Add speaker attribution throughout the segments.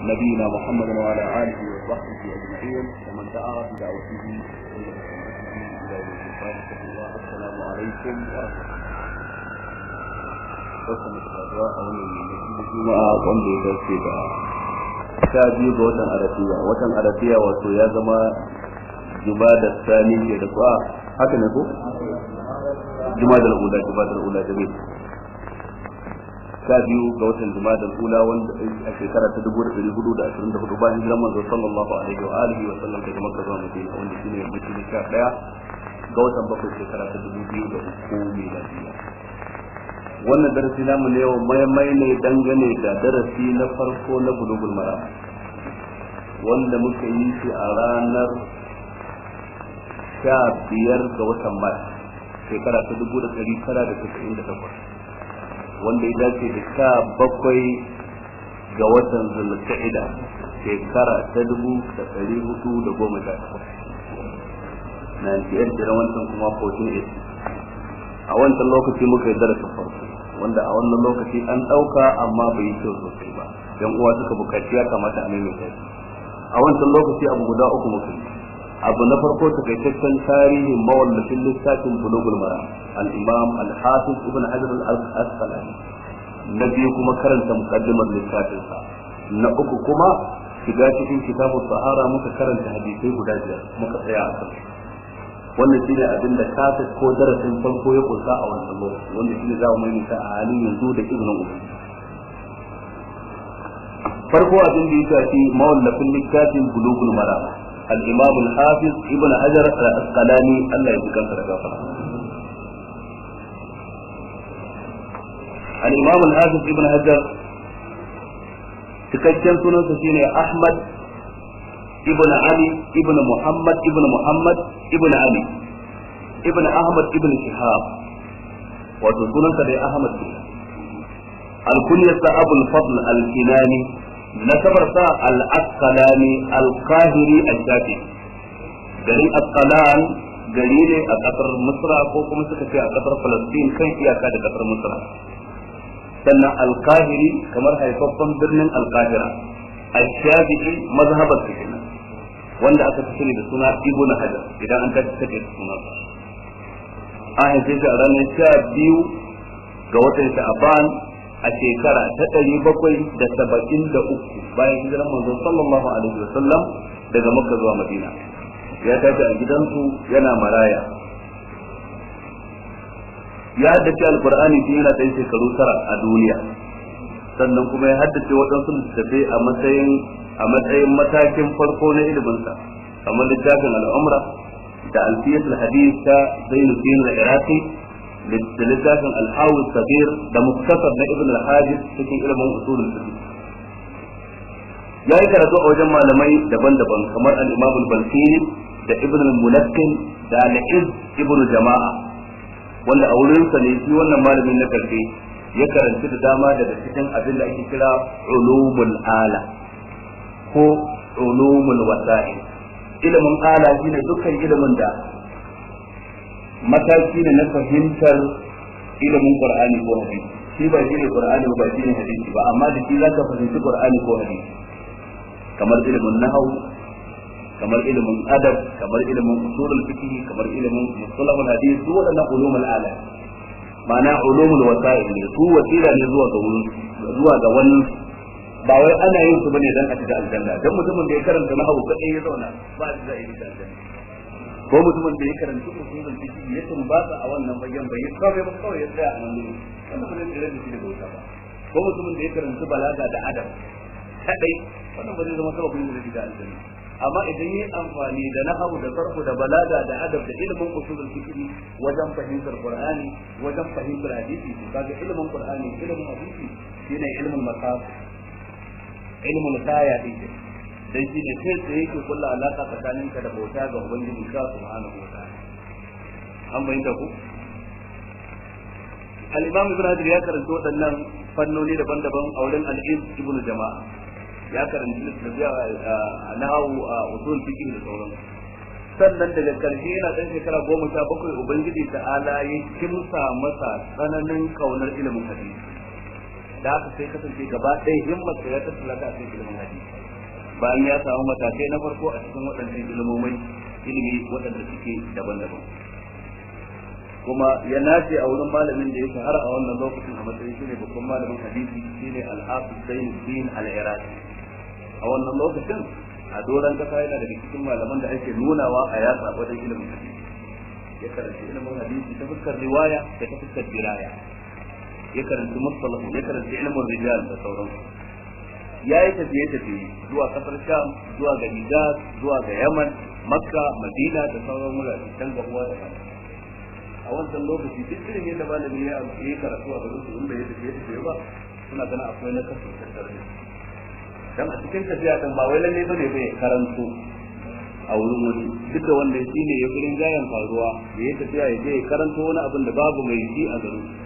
Speaker 1: نبينا محمد وعلى آله وصحبه أجمعين ومن دعا بدعوته إلى الله السلام عليكم ورحمة الله ɗaukar mutuwa a wani yanki da juma'a wanda ya biyu ga watan arabiya watan arabiya wato ya zama jumada sani ke da kuwa haka ne ko jumada al'ula jumada da jami'a sha biyu ga watan da kula wanda a shekara ta dubu da dari hudu da ashirin da hudu bayan hijiran manzo sallallahu alaihi wa alihi wa sallam daga makka zuwa madina wanda shine yammaci na sha daya ga watan bakwai shekara ta dubu biyu da uku miladiya wannan darasi namu ne yau maimai ne dangane da darasi na farko na bulugul mara wanda muka yi shi a ranar sha biyar ga watan mars shekara ta dubu da dari tara da tasa'in da takwas wanda ya dace da sha bakwai ga watan zulka'ida shekara ta dubu da ɗari hudu da goma sha na yan jiran wancan kuma 14 a wancan lokaci muka yi darasa farko wanda a wannan lokaci an ɗauka amma bai yi kyau sosai ba yan uwa suka bukaci ya kamata a maimaita a wancan lokaci abu guda uku muka yi abu na farko takaitaccen tarihin mawallafin littafin bulugul mara al-imam al hasib ibn hajar al-asqalani na biyu kuma karanta muqaddimar littafin sa na uku kuma shiga cikin kitabu sahara muka karanta hadisai guda biyar muka tsaya a kan wannan shine abin da kafa ko darasin farko ya kusa a wannan lokaci wanda shine za mu yi ta a halin yanzu da izinin umar farko abin da ya shafi mawallafin littafin bulugul mara الإمام الحافظ ابن حجر الأسقلاني الله يذكر سرك الإمام الحافظ ابن حجر تكتشن سنة سنة أحمد ابن علي ابن محمد ابن محمد ابن علي ابن أحمد ابن شهاب وتكون سنة أحمد الكنية أبو الفضل الكناني nasabar sa al-asqalani a qahiri al-shafi garin asqalan gari ne a ƙasar musra ko kuma suka ce a kasar falastin kan iyaka da kasar misra sannan al kamar haifaffen birnin al-qahira al-shafi'i mazhabar su kenan wanda aka fi sani da suna ibnu hajar idan an tafi take suna an haife shi a ranar sha biyu ga watan sha'aban a shekara ta ɗari bakwai da saba'in da uku bayan hijiran manzon sallallahu alaihi wa sallam daga makka zuwa madina ya tafi a gidansu yana maraya ya haddace alkur'ani tun yana ɗan shekaru tara a duniya sannan kuma ya haddace waɗansu littattafai a matsayin a matsayin matakin farko na iliminsa kamar littafin al'umra da alfiyatul hadith ta zainuddin al-iraqi da littafin alhawu sabir da muktasar na ibn al-hajib cikin ilimin usulul fiqh yayi karatu a wajen malamai daban-daban kamar al-imam al da ibn al-mulakkin da al-iz ibn jama'a wanda a wurin sa ne shi wannan malamin na karfe ya karanci da dama daga cikin abin da ake kira ulumul ala ko ulumul wasa'i ilimin ala shine dukkan ilimin da mataki ne na fahimtar ilimin qur'ani ko hadisi shi ba shi ne qur'ani ba shi ne hadisi ba amma da shi zaka fahimci qur'ani ko hadisi kamar ilimin nahwu kamar ilimin adab kamar ilimin usulul fiqh kamar ilimin mustalahul hadith duk wadannan ulumul alam ma'ana ulumul wasa'il ne su wasila ne zuwa ga wurin zuwa ga wani ba wai ana yin su bane dan a cika aljanna dan mutumin da ya karanta nahwu kadai ya zauna ba shi a yi aljanna ko mutumin da ya karanta usulul shi ya tumbata a wannan bayan bai kawai ba kawai ya tsaya a nan gurin wannan ba zai rage shi da bauta ba ko mutumin da ya karanta balaga da adab kadai wannan ba zai zama sababin da zai da aljanna amma idan yi amfani da nahawu da sarfu da balaga da adab da ilimin usulul fiqh wajen fahimtar qur'ani wajen fahimtar hadisi kaga ilimin qur'ani ilimin hadisi shine ilimin masaf ilimin saya dan shi ne kai tsaye yake kulla alaka ka da bauta ga ubangiji ka subhanahu wa ta'ala an da ku al-imam ibn hajar ya karanta waɗannan fannoni daban-daban a wurin al ibn ibn jama'a ya karanta littafi a nahawu a usul fiqh da sauran sannan daga karshe yana ɗan shekara goma sha bakwai ubangiji ta'ala ya kimsa masa tsananin kaunar ilimin hadisi da aka sai kasance gaba ɗaya himmar ya tattala ta a cikin ilimin bayan ya samu matakai na farko a cikin waɗannan ilmomai ilimi waɗanda suke daban-daban kuma ya nace a wurin malamin da ya shahara a wannan lokacin a matsayin ne babban malamin hadisi ne al-hafiz Zainuddin al-Iraqi a wannan lokacin a doran kasa yana daga cikin malaman da ake nunawa a yasa wajen ilimin hadisi ya karanci ilimin hadisi ta fuskar riwaya da ta fuskar diraya ya karanci mustalah ya karanci ilimin rijal da sauransu ya yi tafiye tafiye zuwa kasar sham zuwa ga nijar zuwa ga yaman makka madina da sauran wurare can uwa da kan a wancan lokaci duk irin yadda malami ya yi karatu a garin su inda ya tafiye tafiye ba suna ganin akwai na kasu ne dan a cikin tafiya dan ba wai lalle bane bai karanto a wurin wani duk da wanda shi ne ya gurin gayan faruwa da ya tafiya ya je ya karanto wani abin da babu mai shi a garin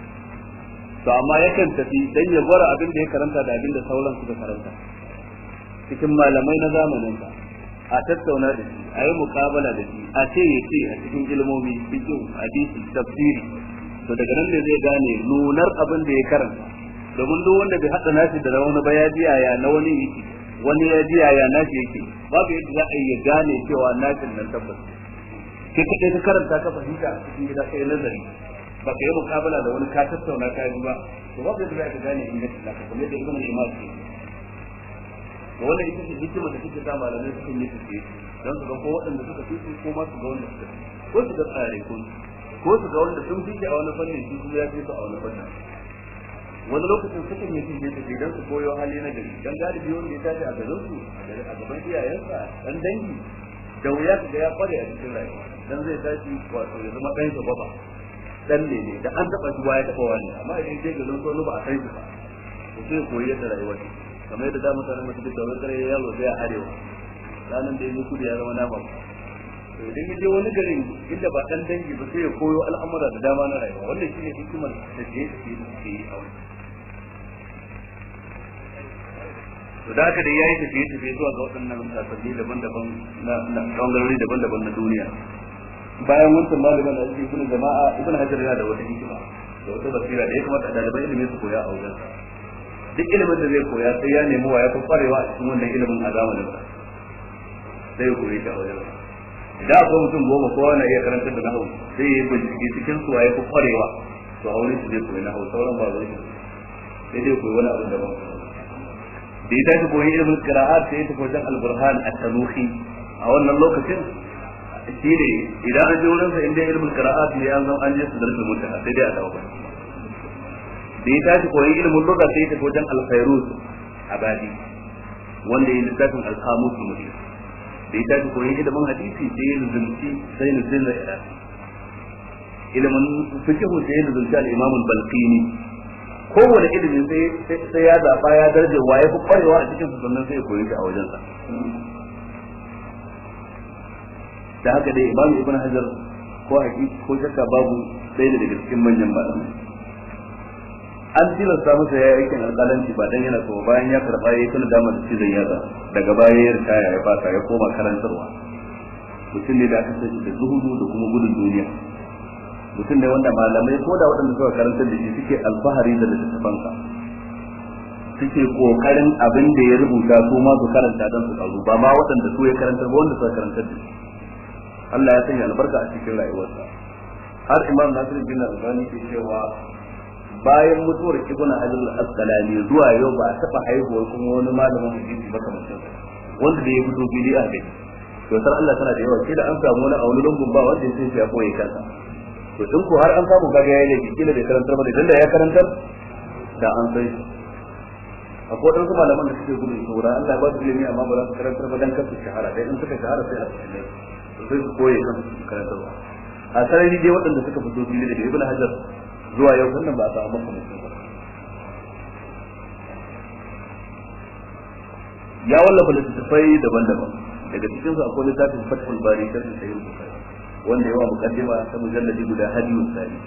Speaker 1: to amma yakan tafi dan ya gwara abin da ya karanta da abin da sauran suka karanta cikin malamai na zamanin ka a tattauna da shi a yi mukabala da shi a ce ya ce a cikin ilmomi cikin hadisi tafsiri to daga nan ne zai gane nunar abin da ya karanta domin duk wanda bai haɗa nashi da wani ba ya ji na wani yake wani ya ji yaya nashi yake babu yadda za a ya gane cewa nashin nan tabbas ke kaɗai ka karanta ka fahimta a cikin gida kai nazari ba ka yi mukabala da wani ka tattauna ka yi ba to ba zai za ka gane ingancin naka kuma yadda ibn al-imam ke wanda ita ce hikima da kike sa malamai suke yi su ce don su ga ko waɗanda suka fi su ko ma su ga wanda suka ko su ga tsare ko ko su ga wanda sun fi a wani fannin su kuma ya fi su a wani fannin wani lokacin sukan yi fiye da gidan su koyo hali na gari dan galibi wanda ya tafi a garin su a gaban iyayensa dan dangi da wuya ga ya kware a cikin rayuwa dan zai tashi wato ya zama ɗan baba dan ne ne da an taba shi ya taba wani amma idan sai garin sono ba a sai ba to sai koyi yadda rayuwar shi kamar yadda zamu sanar mutum da wani kare yaro ya arewa ranan da ya mutu da ya zama nama to idan yaje wani garin inda ba dan dangi ba sai ya koyo al'amura da dama na rayuwa wannan shine hikimar da ke ke yi a wannan to da haka da yayi tafiye tafiye zuwa ga waɗannan sasanni daban-daban na ɓangarori daban-daban na duniya bayan wancan malamin da ake ibn jama'a ibn hajar yana da wata hikima da wata basira da ya kamata ɗaliban ilimin su koya a wajen duk ilimin da zai koya sai ya nemi wa ya fi kwarewa a cikin wannan ilimin a zamanin sa sai ya koyi shi a wajen Da idan akwai mutum goma kowa na iya karanta da nahu sai ya bincike cikin su ya fi kwarewa to a wurin shi zai koyi nahu sauran ba zai sai dai koyi wani abin daban da ya tashi koyi ilimin qira'at sai ya tafi wajen alburhan a at-tanuhi a wannan lokacin shine idan an je wurin sa inda ilmin qira'at ne an zama an je su darasa mutum sai dai a dawo ba da ya tashi koyi ilmin lugha sai ta wajen al khairuz abadi wanda ya littafin al-qamus mutum da ya tashi koyi ilmin hadisi sai ya zunci sai ya zunci ilimin fikihu sai ya zunci al-imam al-balqini kowane ilimin sai ya zaba ya darje waye ku kwarewa a cikin sannan sai ya koyi shi a sa da haka dai imam ibn hajar ko hakiki ko shakka babu ɗaya ne daga cikin manyan malamai an tilasta masa ya aikin alƙalanci ba dan yana so bayan ya karɓa ya tuna dama da cizon yaza, daga baya ya ritaya ya fata ya koma karantarwa mutum ne da aka sani da zuhudu da kuma gudun duniya mutum ne wanda malamai ko da waɗanda suka karantar da shi suke alfahari da littattafansa suke kokarin abin da ya rubuta su ma su karanta don su karu ba ma waɗanda su ya karanta ba wanda suka karantar da shi Allah ya sanya albarka a cikin rayuwarsa har imam nasir bin albani ke cewa bayan mutuwar ibn hajar al-asqalani zuwa yau ba taba haihuwar kuma wani malamin hadisi ba kamar sa wanda da ya fito bili a gani to sai Allah tana da yawa ke da an samu wani a wani lungun ba wanda sai ya koyi kansa to tun ko har an samu gaga yayin da kila da karantar ba da ya karantar da an sai dan wadansu malaman da suke gudun saura Allah ba su ilimi amma ba za su karantar ba dan kasu shahara dai in suka shahara sai a cikin sai su koye kan ba a sarari dai waɗanda suka fito fili daga ibn hajar zuwa yau wannan ba a samu maka ba ya wallafa littattafai daban-daban daga cikin su akwai littafin fatul bari kan sahih bukhari wanda yawa mukaddima ta mujalladi guda hadiyun sari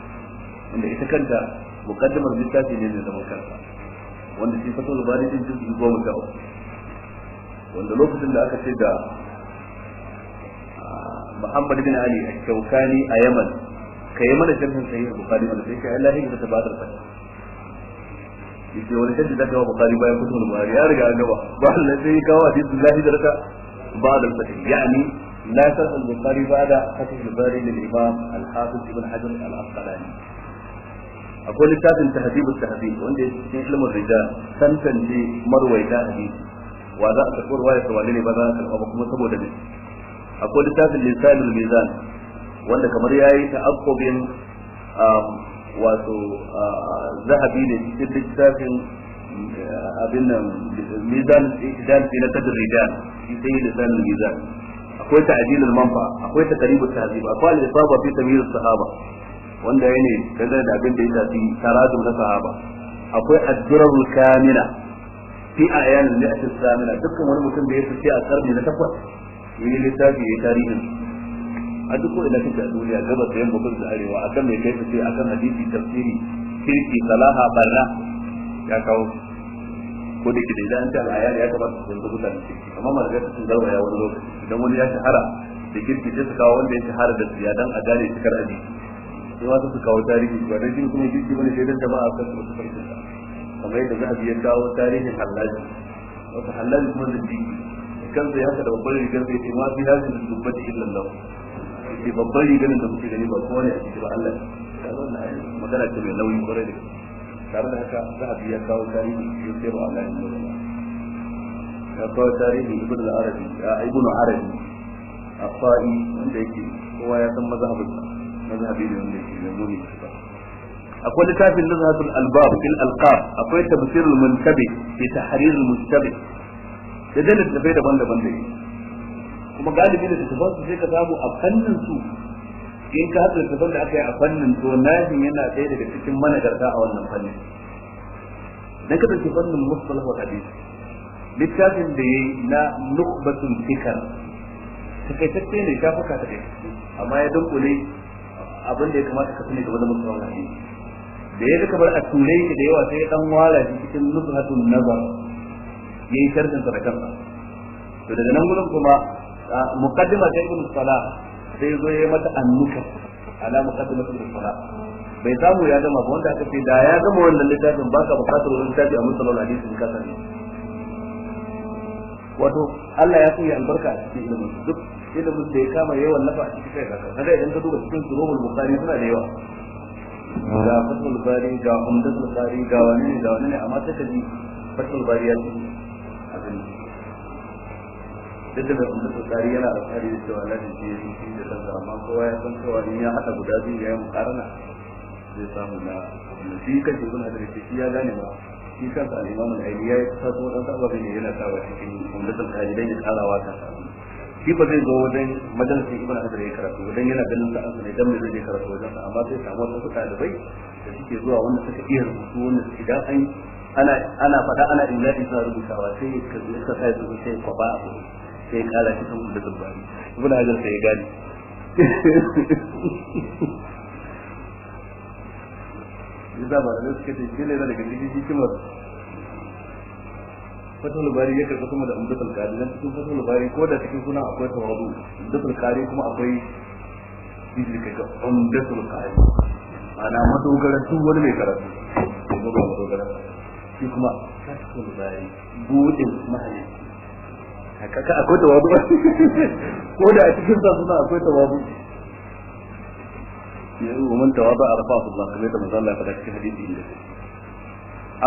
Speaker 1: inda ita kanta mukaddimar littafi ne da zaman kansa wanda shi fatul bari din juz'i goma sha wanda lokacin da aka ce da محمد بن علي الشوكاني أيمن كيمن الجنة صحيح البخاري من الشيخ إلا هي إذا تبادر فيها يقول الحج ذاك هو بخاري ما يكون من البخاري يا رجال جوا بعد الذي كوا حديث الله درك بعد الفتح يعني لا تنسى البخاري بعد فتح البخاري للإمام الحافظ ابن حجر الأصلاني أقول لك تهذيب التهذيب وأنت تسلم الرجال سنتن في مروي تهذيب وأذا تقول رواية سوالين بذلك أو بقوم akwai littafin lisanul mizan wanda kamar ya yi ta'akobin wato zahabi ne cikin littafin abin nan mizan idan fi na kadar ridan shi sai lissafin mizan akwai ta'dilul manfa akwai ta hazi ba akwai al-isaba fi tamyiz sahaba wanda ya ne dangane da abin da ya shafi tarazum na sahaba akwai ad kamina fi a yanar ne a cikin samina dukkan wani mutum da ya fi a karni na takwas yi littafi ya tarihin a duk ko ina kake a duniya gabas da yamma kudu da arewa akan mai kai sai akan hadisi tafsiri kirki salaha barna ya kawo ko da kida idan ta al'ayar ya kamata su zanzu mutane kirki amma marga ta sun zarwa ya wani lokaci idan wani ya shahara da kirki ta su kawo wanda ya shahara da siya dan a gane cikar aji sai wasu su kawo tarihi ba dan kuma kirki bane sai dan jama'a kan su farkin kamar yadda za a biya kawo tarihin halaji wata halaji kuma da jiki kansa ya kada babbar rigar sai ce ma fi hadin dubbati illa Allah ce babbar rigar da muke gani ba kowa ne a cikin Allah ka zo na magana ce mai nauyi kwarai da tare da haka za a biya kawo tarihi ya ce ba Allah ne ya kawo tarihi ibn al-arabi ya ibn arabi afai wanda yake kowa ya san mazhabin mazhabi ne wanda yake da muni akwai littafin nazhatul albab fil alqab akwai tafsirul muntabi fi tahrirul mustabi da dai littattafai daban-daban da kuma galibi da littattafan su sai ka samu a fannin su in ka haɗa littattafan da aka yi a fannin to najin yana ɗaya daga cikin managarta a wannan fannin na ka ɗauki fannin musulman wa hadisi littafin da ya yi na nukbatun fikar takaitacce ne shafuka ta kai amma ya dunkule abin da ya kamata ka sani game da musulman wa hadisi da ya ga bar a turai da yawa sai ya ɗan wala cikin nukbatun nazar yayi sharhin sa da kansa to daga nan gurin kuma muqaddima ta ibn salah sai zo yayi mata annuka ala muqaddimati ibn salah bai samu ya gama ba wanda aka ce da ya gama wannan littafin baka bukatar wani littafi a musallar hadisi in ka sani wato Allah ya sanya albarka a cikin ilimin duk ilimin da ya kama yawan nafa a cikin kai kaka kanka kada idan ka duba cikin surumul bukari suna da yawa ga fatul bari ga umdatul bari ga wani ne ga wani ne amma sai ka ji fatul bari ya ce abin duk da umar tsari yana da tsari da cewa lafi ce yin shi da kansa amma kowa ya san cewa in ya haɗa guda biyu ya yi mukarana zai samu na shi kan shi da shi ya gane ba shi ya yi ababen ne yana sawa cikin don ya shi ba zai zo wajen majalisa ibn hajar ya karatu wajen yana ganin sa'an su ne dan mai zai karatu wajen sa amma sai samu wasu ɗalibai da suke zuwa wanda suka iya rubutu wanda suke da an ana ana faɗa ana illahi suna rubutawa sai ka yi ka sai zuwa sai ba ku sai ka shi kan da zubbari ibn hajar sai ya gani yadda ba da suka ce gele da daga cikin hikimar fatah lubari yake ka kuma da umdatul qari dan cikin fatah lubari ko da cikin suna akwai tawadu umdatul qari kuma akwai hijri kaga umdatul qari ana madogaran duk wani mai karatu ko ba madogaran shi kuma kashful bari budin akwai tawadu ko da a cikin sa suna akwai tawadu tawadu a rafa cikin hadisi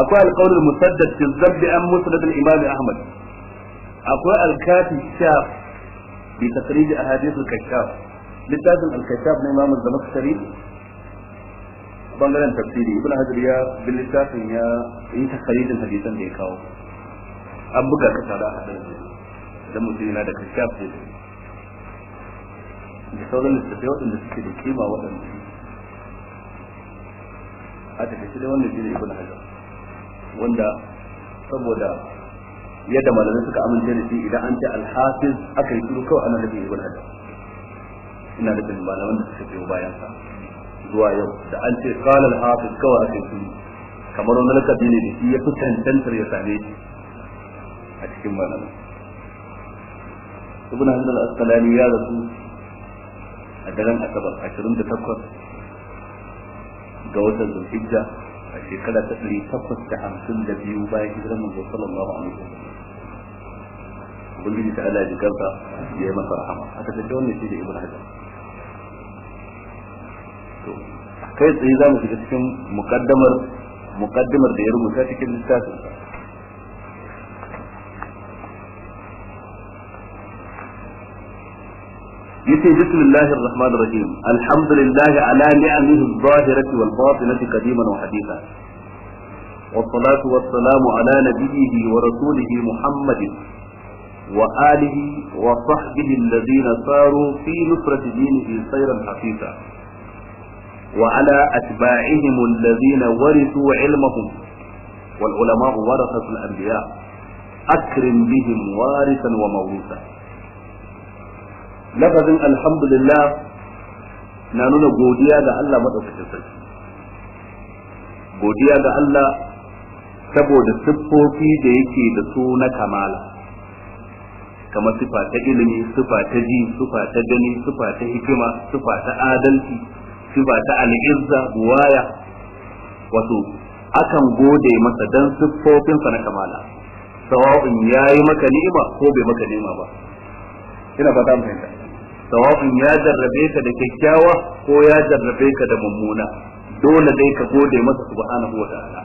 Speaker 1: akwai alqawl musaddad fi zabbi an musnad al-imam Ahmad akwai alkafi kafi shaf bi takrij ahadith al-kashaf littafin al-kashaf na imam az-zamakhshari bangaren tafsiri ibn hajar ya bin littafin ya yi takaridin hadisan da ya kawo an buga ka tare a ɗan idan mutum yana da kashaf ne da sauran littafai waɗanda suke da kima waɗanda a takaice dai wanda shi ne ibn hajar wanda saboda yadda malamai suka amince da shi idan an ce alhafiz aka yi turu kawai ana nufin ibn hajar ina da malaman da suka biyo bayan sa zuwa yau da an ce qala al-hafiz kawai ake shi kamar wani lakabi ne da shi ya fi tantantar ya same shi a cikin malamai ibn hajar al-asqalani ya rasu a daren asabar 28 ga watan zulhijja a shekara ta takwas da da hamsin biyu bayan hijirar manzo sallallahu alaihi wasallam ubangiji ta ala jikarta ya yi masa rahama aka tafi wannan shi da ibn hajar kai tsaye za mu shiga cikin mukaddamar mukaddamar da ya rubuta cikin littafin yace bismillahir rahmanir rahim alhamdulillahi ala ni'amihi adh-dhahirati wal batinati qadiman wa haditha والصلاة والسلام على نبيه ورسوله محمد وآله وصحبه الذين ساروا في نصرة دينه سيرا حقيقا وعلى أتباعهم الذين ورثوا علمهم والعلماء ورثة الأنبياء أكرم بهم وارثا وموروثا لفظ الحمد لله نحن نقوديا ذا الله مدرسة الصيف قوديا ذا الله سبود السفو في جيكي دسون كمالا كما صفات علمي صفات جين صفات تجني صفات حكمة صفات آدلتي sifa ta al'izza buwaya wato akan gode masa dan siffofinsa na kamala sawa'un yayi maka ni'ima ko bai maka ni'ima ba ina fata mu fahimta sawa'un ya jarrabe ka da kyakkyawa ko ya jarrabe ka da mummuna dole dai ka gode masa subhanahu wa ta'ala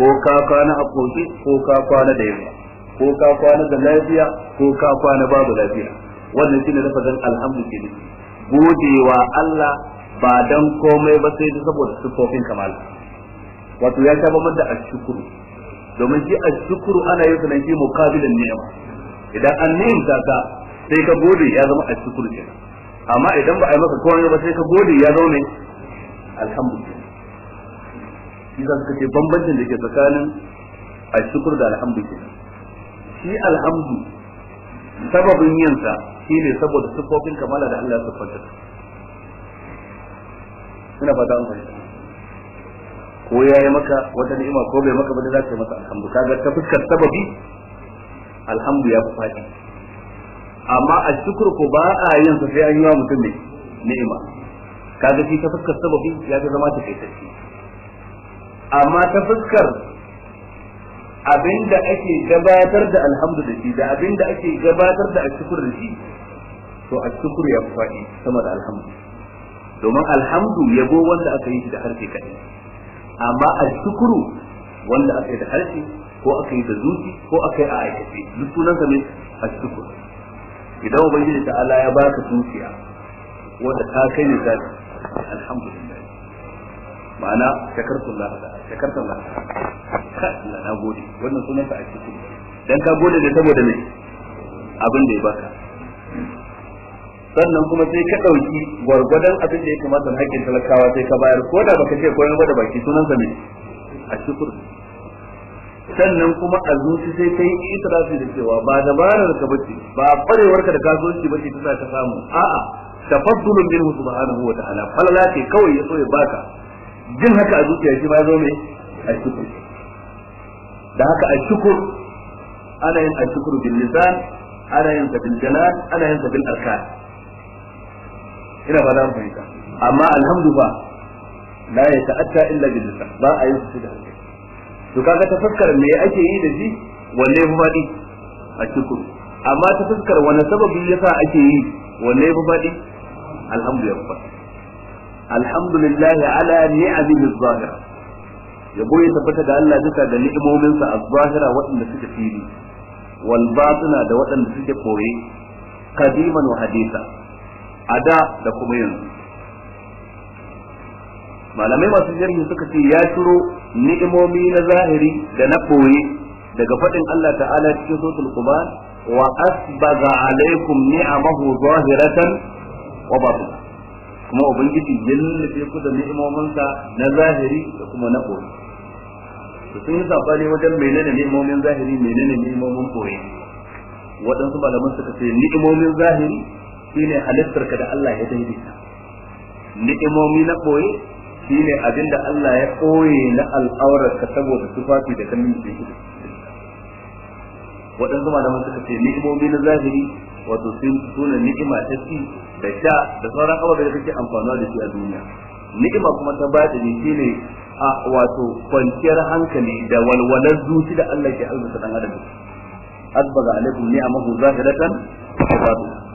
Speaker 1: ko ka kwana a koki ko ka kwana da yamma ko ka kwana da lafiya ko ka kwana babu lafiya wannan shine lafazin alhamdu ke gode wa Allah ba dan komai ba sai da saboda sifofin kamal wato ya sha mada da shukuru. domin shi a shukuru ana yin sanan shi mukabilin ni'ima idan an nemi ka sai ka gode ya zama a shukuru kenan amma idan ba a yi masa komai ba sai ka gode ya zaune alhamdulillah shi za su ce bambancin da ke tsakanin a shukuru da alhamdulillah shi alhamdu sababin yinsa shine saboda sifofin kamala da Allah ya siffanta ina fata an fahimta ko ya yi maka wata ni'ima ko bai maka ba da za ka yi masa alhamdu kaga ta fuskar sababi alhamdu ya fi fadi. amma a shukur ko ba a yin sa sai an yi wa mutum ne ni'ima kaga shi ta fuskar sababi ya fi zama ta kaitacce amma ta fuskar abinda ake gabatar da alhamdu da shi da abinda ake gabatar da ashukur da shi to a ashukur ya fi fadi sama da alhamdu domin alhamdu yabo wanda aka yi shi da harshe kaɗai amma alshukuru wanda aka yi da harshe ko aka yi da zuci ko aka yi a aikace duk sunansa ne alshukuru idan ubangiji ta Allah ya baka zuciya wanda ta kai ne zaki alhamdulillah ma'ana shakartun lahada shakartun lahada na gode wannan sunansa ashukur dan ka gode ne saboda me abin da ya baka sannan kuma sai ka ɗauki gwargwadon abin da ya kamata na haƙƙin talakawa sai ka bayar ko da baka ce koyon ba da baki sunan sa ne a shukur sannan kuma a zuci sai kai itirafi da cewa ba dabarar ka bace ba kwarewar ka da kasuwanci bace ta sa ka samu a'a tafaddulun minhu subhanahu wa ta'ala falala ke kawai ya so ya baka jin haka a zuciya shi ba zo ne a shukur da haka a shukur ana yin a shukur bil lisan ana yin sa bil ana yin sa bil arkan ina ba mu fahimta amma alhamdu ba la ya ta'atta illa bil lisan ba a yi su da hankali to kaga ta fuskar me ake yi da shi wanne ya fi faɗi a cikin amma ta fuskar wani sababi yasa ake yi wanne ya fi faɗi alhamdu ya fi faɗi alhamdulillah ala ni'amihi zahira yabo ya tabbata da Allah duka da ni'imominsa a zahira waɗanda suke fili wal batina da waɗanda suke koye qadiman wa hadisa a da da kuma yanzu malamai masu jirgin suka ce ya turo ni'imomi na zahiri da na ɓoye daga faɗin Allah ta'ala cikin sotul kuma wa asbaga alaikum ni'amahu zahiratan wa batina kuma ubangiji yana lullafe ku da ni'imominsa na zahiri da kuma na ɓoye sun yi sabani wajen menene ni'imomin zahiri menene ni'imomin ɓoye waɗansu malaman suka ce ni'imomin zahiri shine halittar ka da Allah ya daidaita ni'imomi na boye shine abin da Allah ya koye na al'aurar ka saboda tufafi da kanin da wadan waɗansu da suka ce ni'imomi na zahiri wato sun suna ni'ima ta ci da sha da sauran abubuwa da kake amfanuwa da shi a duniya ni'ima kuma ta batini shine a wato kwanciyar hankali da walwalar zuci da Allah ke arzuta dan adam azbaga alaikum ni'amahu zahiratan wa batinah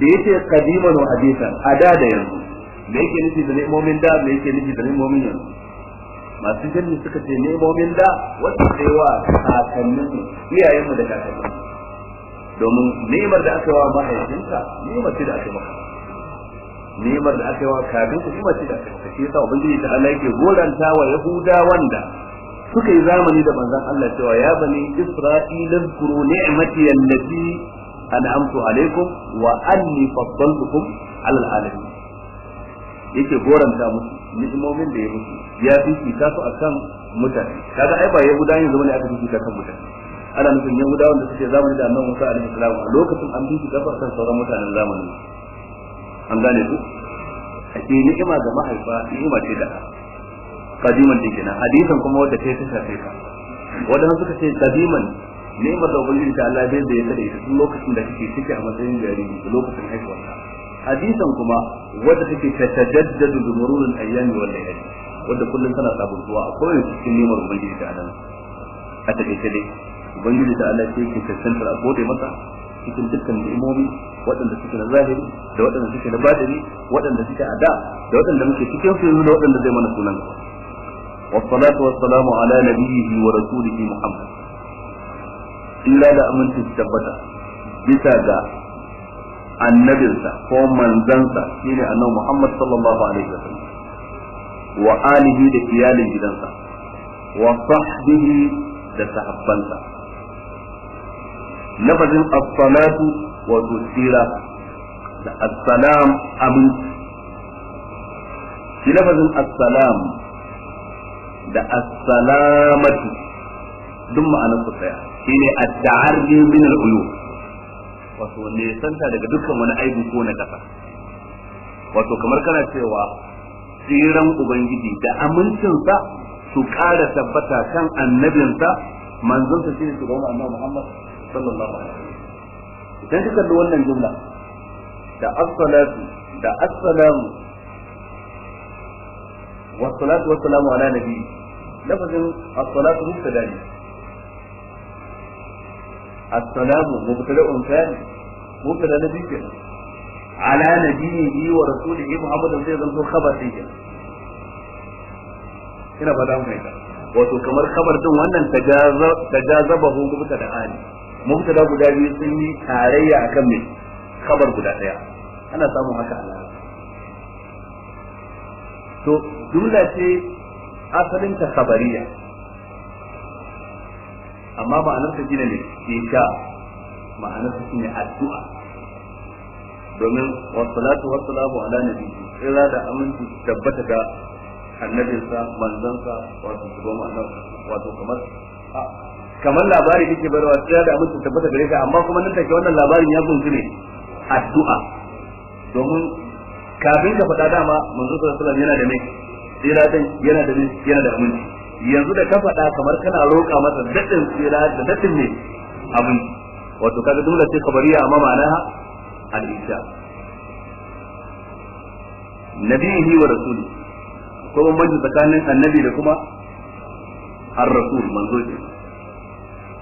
Speaker 1: da yake qadiman wa hadisan a da da yanzu me yake nufi da ne'momin da me yake nufi da ne'momin yanzu masu jinni suka ce ne'momin da wata sai wa kakannin su iyayen mu da kakannin domin ni'imar da aka yi wa mahaifinka ni'imar ce da aka yi maka ni'imar da aka yi wa kakannin su ni'imar ce da aka yi sa shi yasa ubangiji ta Allah yake goranta wa yahuda wanda suka yi zamani da manzon Allah cewa ya bani ne zkuru ni'mati allati an'amtu alaikum wa anni faddaltukum ala alamin yake goranta musu ni'imomin da ya musu ya fifita su akan mutane kaga ai ba yahuda yanzu bane aka fifita kan mutane ana yan yahudawan da suke zamani da annabi Musa alaihi salam a lokacin an fifita su akan sauran mutanen zamanin an gane ku ake ni'ima ga mahaifa ni'ima ce da kadiman din kenan hadisan kuma wanda kai ta shafe ka wadanda suka ce kadiman ni'imar da ubangiji ta Allah zai bayyana da ita tun lokacin da kake ciki a matsayin jariri da lokacin haihuwarka hadisan kuma wadda take tatajaddadu bi mururil ayyami wal layali wadda kullum tana sabuntuwa a kowace cikin ni'imar ubangiji ta Allah a take dai ubangiji ta Allah sai ke tantantar a gode masa cikin dukkan ni'imomi waɗanda suke na zahiri da waɗanda suke na batini waɗanda suke a da da waɗanda muke cikin su yanzu da waɗanda zai mana sunan gaba والصلاة والسلام على نبيه ورسوله محمد illa da aminci su tabbata bisa ga annabinsa ko manzansa shi ne annabi Muhammad sallallahu alaihi wasallam wa alihi da iyalin gidansa wa sahbihi da sahabbansa lafazin as-salatu wa tsira da as-salam aminci shi lafazin as-salam da as-salamatu duk ma'anar su tsaya shine at-ta'arri min al ulu wato ne santa daga dukkan wani aibu ko na kasa wato kamar kana cewa tsiran ubangiji da amincinsa su ƙara tabbata kan annabinsa manzonsa shine shugaban annabi Muhammad sallallahu alaihi wasallam idan kika kalli wannan jumla da as-salatu da as-salamu salatu wa salamu ala nabi lafazin as-salatu as-salamu mubtada'un thani mubtada na biyu kenan ala nabiyyi wa rasulihi muhammadin zai zanto khabar din kenan ina wato kamar khabar din wannan tagazabahu mubtada ani mubtada guda biyu sun yi tarayya akan mai khabar guda daya ana samun haka a to jumla ce asalin ta khabariya amma ma'anar ta shine ne isha ma'anar shi ne addu'a domin wassalatu wassalamu ala nabi tsira da aminci tabbata ga annabinsa manzansa wato shugaban ma'anar wato kamar kamar labari kake barwa tsira da aminci tabbata gare ka amma kuma nan take wannan labarin ya kunshi ne addu'a domin kafin ka faɗa dama manzo sallallahu alaihi wasallam yana da mai tsira din yana da yana da aminci yanzu da ka faɗa kamar kana roƙa masa daɗin tsira da daɗin ne abin wato kaga dole sai ya amma ma'ana al'isha isha nabihi wa rasuli ko bambanci tsakanin annabi da kuma ar-rasul manzo ce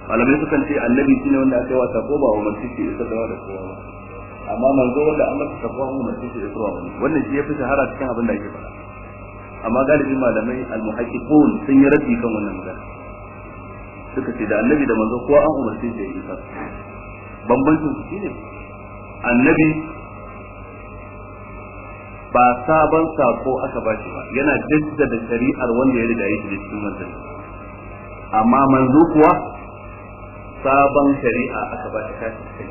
Speaker 1: malamai sukan ce annabi shine wanda aka yi wa sako ba wa mace ce isa da kowa ba amma manzo wanda an masa kafa an mace ce isa da wannan shi ya fi shahara cikin abin da ake faɗa amma galibi malamai al sun yi raddi kan wannan magana suka ce da annabi da manzo kowa an umarce shi ya yi bambancin su shine annabi ba sabon sako aka ba shi ba yana jaddada shari'ar wanda ya riga ya shiga cikin manzon amma manzo kuwa sabon shari'a aka ba shi kashi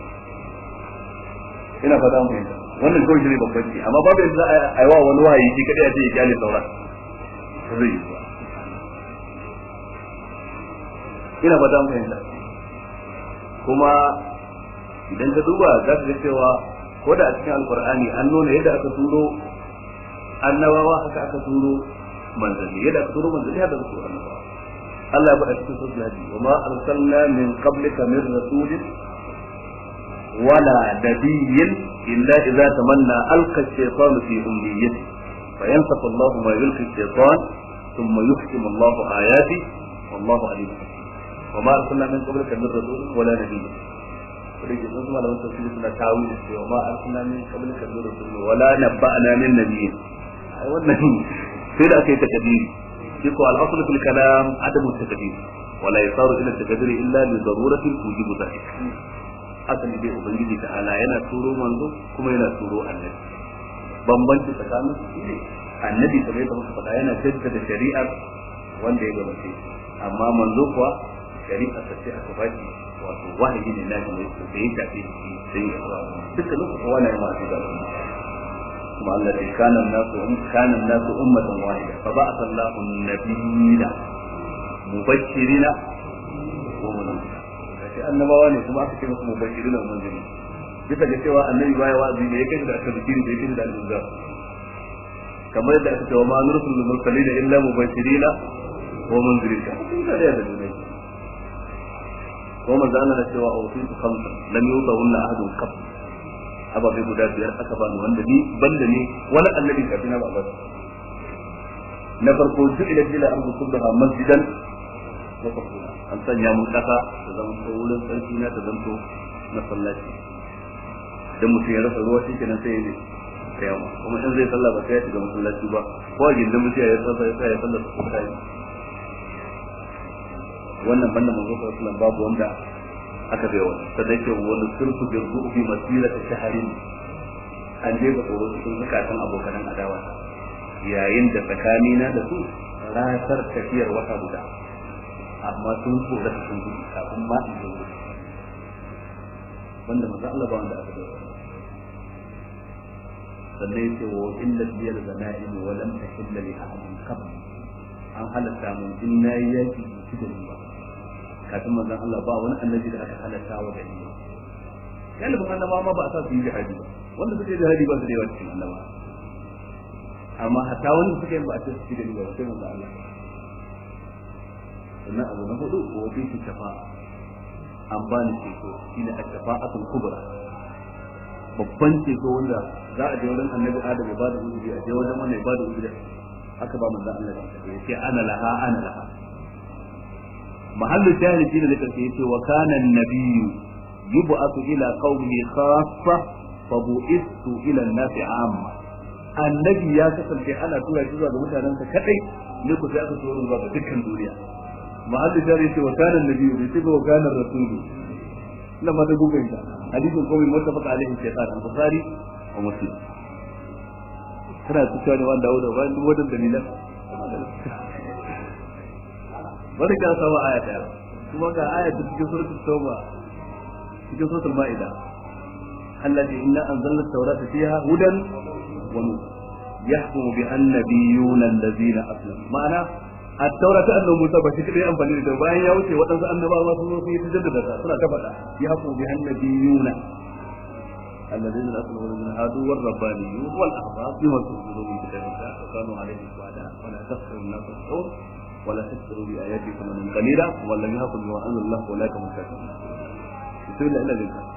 Speaker 1: ina fada mu wannan kawai shi ne babban ce amma babu yadda a yi wa wani wahayi shi kadai a ce ya kyale sauran zai yi ina ba mu fahimta kuma idan ka duba za ka ga cewa ko da a cikin alkur'ani an nuna yadda aka turo annabawa haka aka turo manzanni yadda aka turo manzanni haka aka turo annabawa Allah ya faɗa cikin sura wa ma arsalna min qablika min rasulin ولا نبي إلا إذا تمنى ألقى الشيطان في أمنيته فينسخ الله ما يلقي الشيطان ثم يختم الله آياته والله عليم وما أرسلنا من قبلك من رسول ولا نبي ولكن نظم على التفسير سنة تعويل وما أرسلنا من قبلك من رسول ولا نبأنا من نبي أي والنبي sai da aka يقوى الأصل في الكلام عدم fil ولا يصار إلى wala إلا لضرورة توجب ذلك hakan dai ubangiji ta ala yana turo manzo kuma yana turo annabi bambanci tsakanin su shine annabi kamar yadda muka faɗa yana jaddada shari'ar wanda ya gabace amma manzo kuwa shari'a ta ce aka baki wato wahayi ne na mai su da ya tafi sai ya fara duka lokacin wani ya masu da wannan kuma Allah ya kana nasu um kana nasu ummatan wahida fa ba'a sallahu nabiyina mubashirina wa munzirina annabawa ne kuma aka ce musu da bisa ga cewa annabi baya wa'azi ne ya kai da aka zikiri da ya kai da al-inzar kamar yadda aka ce wa ma nursul mursalina illa mubashirin wa munzirin ka kuma da yadda ko manzo Allah cewa a wasu kamsa lam yutawunna ahadun qab ababe guda biyar aka ba ni wanda ni banda ni wani annabi kafin na ba na farko ju'ila ila ardu kullaha masjidan makwabtuna an sanya mun kasa ta zama ta wurin sarki na ta zanto masallaci idan mutum ya rasa ruwa shi nan sai ya ne kayama kuma in zai sallah ba sai ya shiga masallaci ba ko a gindin mutum ya sallah ya ya sallah su kuka yi wannan banda manzo sallallahu alaihi wasallam babu wanda aka bai wani ta dai ce wani sulhu da zubi masira ta shaharin an jefa tsoro cikin zukatan abokanan adawa yayin da tsakanina da su ratar tafiyar wata guda amma sun tsora da sun gudu kafin ma in zo wanda maza Allah ba wanda aka da sannan yace wa da na zana'im wa lam tahilla li ahadin qabl an halatta mun in nayi yaki ki da ba kafin manzon Allah ba wani annabi da aka halatta wa gari galibin annabawa ma ba a sa su yi jihadi ba wanda suke jihadi ba su da yawa cikin annabawa amma hatta wanda suke ba a sa su yi jihadi ba sai manzon Allah sannan abu na hudu ko fi shi shafa an ba ni ceto shafa a kan kubura. babban ceto wanda za a je wajen annabi adam ya ba da a je wajen wanda ya ba da uzuri aka ba manzo Allah ya ce ana laha ana laha mahallu shi ne da ya ce wa yi an a su ila qaumihi khaffa fa bu'ithu ila an-nasi 'amma annabi ya kasance ana tura shi zuwa ga sa kadai ne ku sai aka tura zuwa ga dukkan duniya muhaddisa ne ce wa kana nabi ne ce wa kana rasul inda ma dai gugun ta hadisin ko mai mutafa ka alaihi shaytan al-bukhari wa muslim kana cewa ne wanda wanda ba duk wadan dalilan wanda ka sawa aya ta kuma ga aya ta cikin suratul tauba da suratul maida allazi inna anzalna at-taurata fiha hudan wa nur yahkumu bi annabiyyuna allazina aslam ma'ana التوراة أنه موسى بشكل كده أنفاني لده باين يوتي وطنس أنبا الله سنو في تجدد سنة كفتا يحفو بها النبيون الذين أصلوا من هادوا والربانيون والأحباب بما تنزلوا من كتاب الله وكانوا عليه شهداء ولا تخسروا الناس الشعور ولا تشتروا بآياتي ثمنا قليلا والذي يحكم بما أنزل الله أولئك هم الكافرون بسم الله إلا لله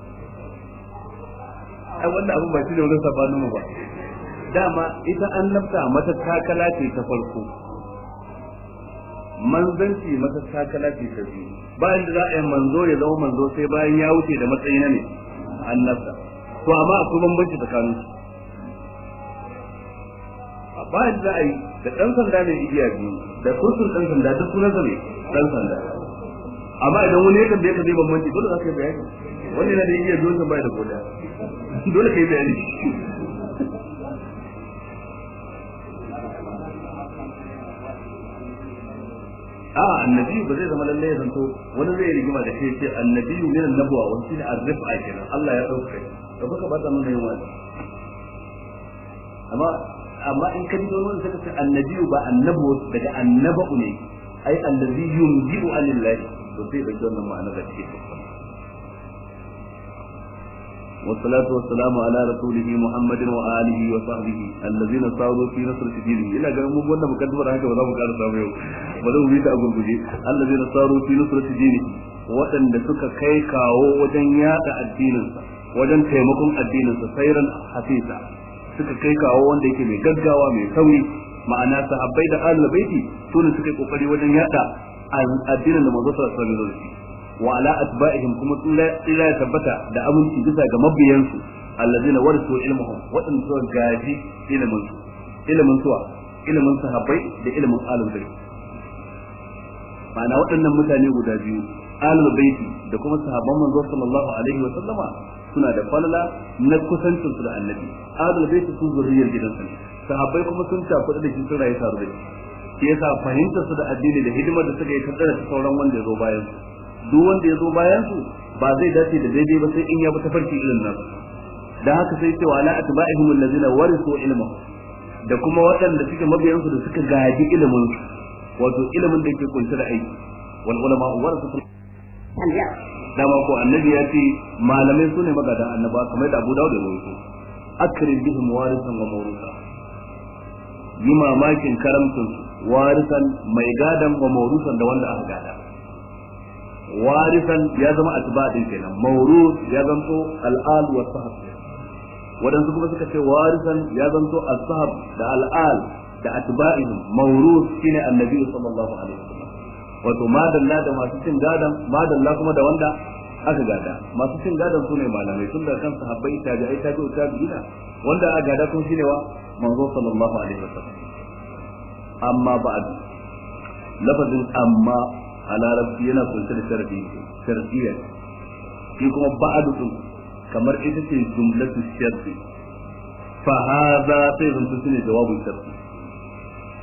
Speaker 1: ai wannan abu ba shi ne wurin sabanin mu ba dama ita an nafta mata takala ce ta farko manzanci mata takala ce ta biyu bayan da za a yi manzo ya zama manzo sai bayan ya wuce da matsayi na ne an nafta to amma kuma bambanci tsakanin su a bayan da za a yi da ɗan sanda mai igiya biyu da kursun ɗan sanda duk sunansa ne ɗan sanda amma idan wani ya tambaye ka zai bambanci dole za ka yi bayani wani yana da igiya biyu sun bai da goda dole kai bayani a annabi ba zai zama lalle ya zanto wani zai rigima da kai ce annabi ne nan nabuwa wani shine azzif a kenan Allah ya dauka da kuka ba ta mun yin wani amma amma in ka biyo wani saka ce annabi ba annabu daga annabu ne ai allazi yunjibu anillahi to sai da wannan ma'anar da take والصلاة والسلام على رسوله محمد وآله وصحبه الذين صاروا في نصر سبيله إلا كان مو wannan mukaddimar ba za mu ƙara samu yau ba za mu a gurguje allazina saru fi nusr waɗanda suka kai kawo wajen yaɗa addininsa wajen taimakon addininsa sairan hafisa suka kai kawo wanda yake mai gaggawa mai sauri ma'ana sahabbai da ahlul baiti su ne kokari wajen yaɗa addinin da wa ala atba'ihim kuma tsira ya tabbata da aminci bisa ga mabiyansu allazina warisu ilmuhum in so gaji ilimin su ilimin suwa ilimin sahabbai da ilimin alul bayt ma'ana waɗannan mutane guda biyu alul baiti da kuma sahabban manzo sallallahu alaihi wa sallama suna da falala na kusancin su da annabi alul baiti su zuriyar gidansa sahabbai kuma sun tafi da shi rayuwar rayu tare yasa fahimtar su da addini da hidimar da suka yi ta tsara sauran wanda ya zo bayan su duk wanda ya zo bayan su ba zai dace da daidai ba sai in ya bi tafarki irin nan da haka sai cewa la atba'ihum allazina warithu ilma da kuma waɗanda suke mabiyansu da suka gaji ilimin su wato ilimin da ke kunshe da aiki wal ulama da ma ko annabi ya ce malamai su ne magadan annaba kamar da Abu Dawud ya rawaito akrim bihim warithan wa mawrusa yi mamakin karamcin warisan mai gadan wa mawrusan da wanda aka gada warisan ya zama atba din kenan mawrud ya zanto al'al wa sahab wadansu kuma suka ce warisan ya zanto al sahab da al'al da atba'in mawrud shine annabi sallallahu alaihi wasallam wato madalla da masu cin gadan madalla kuma da wanda aka gada masu cin gadon sune malamai tun da kan sahabbai tabi'ai tabi'u tabi'ina wanda aka gada kun shine wa manzo sallallahu alaihi wasallam amma ba'd lafazin amma a larabci yana kunshe da sharadi sharadiyyar shi kuma ba'adu kamar ita ce jumlatu sharfi fa hadha sai zan ne jawabin sharadi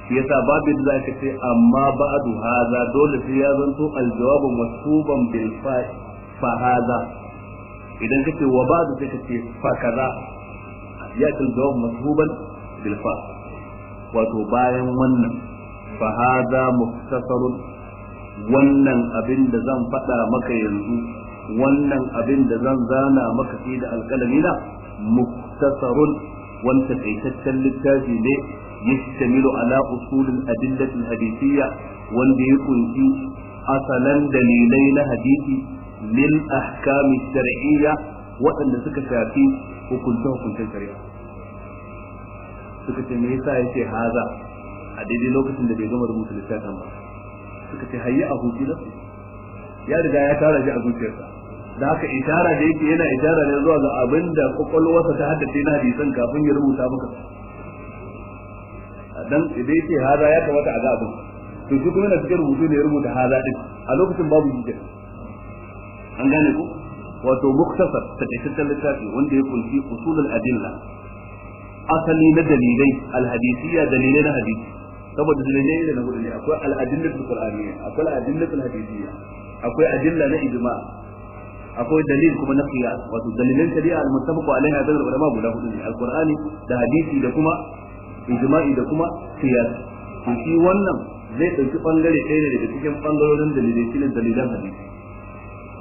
Speaker 1: shi yasa babu da zaka ce amma ba'adu haza dole sai ya zanto aljawabu masuban bil fa'i fa hadha idan kace wa ba'du sai kace fa kaza ya kan jawabin masuban bil fa wato bayan wannan fa hadha muftasarun wannan abin da zan faɗa maka yanzu wannan abin da zan zana maka shi da na muktasarun wanda taitaccen littafi ne yastamilu ala usulin adillatil hadisiyya wanda ya kunshi asalan dalilai na hadisi lil ahkami shar'iyya waɗanda suka shafi hukunta hukuntar shari'a suka ce me yasa yake haza a daidai lokacin da bai gama rubuta littafin ba suka ce hayi a hutu ya riga ya tara shi a zuciyarsa da haka ishara da yake yana ishara ne zuwa ga abin da kwakwalwarsa ta haddace na hadisan kafin ya rubuta maka dan idan yake haza ya kamata a ga abin to shi kuma yana cikin rubutu ne ya rubuta haza din a lokacin babu hijja an gane ko wato muktasar takaitaccen littafi wanda ya kunshi usulul adilla asali na dalilai alhadisiyya dalilai na hadisi saboda dalilai da na hudu ne akwai al'adillatul qur'aniyya akwai al'adillatul hadisiyya akwai adilla na ijma akwai dalil kuma na qiyas wato dalilan shari'a al-muttafaqu alaiha da ulama guda hudu ne al-qur'ani da hadisi da kuma ijma'i da kuma qiyas to shi wannan zai dauki bangare ɗaya daga cikin bangarorin dalilai shi ne dalilan hadisi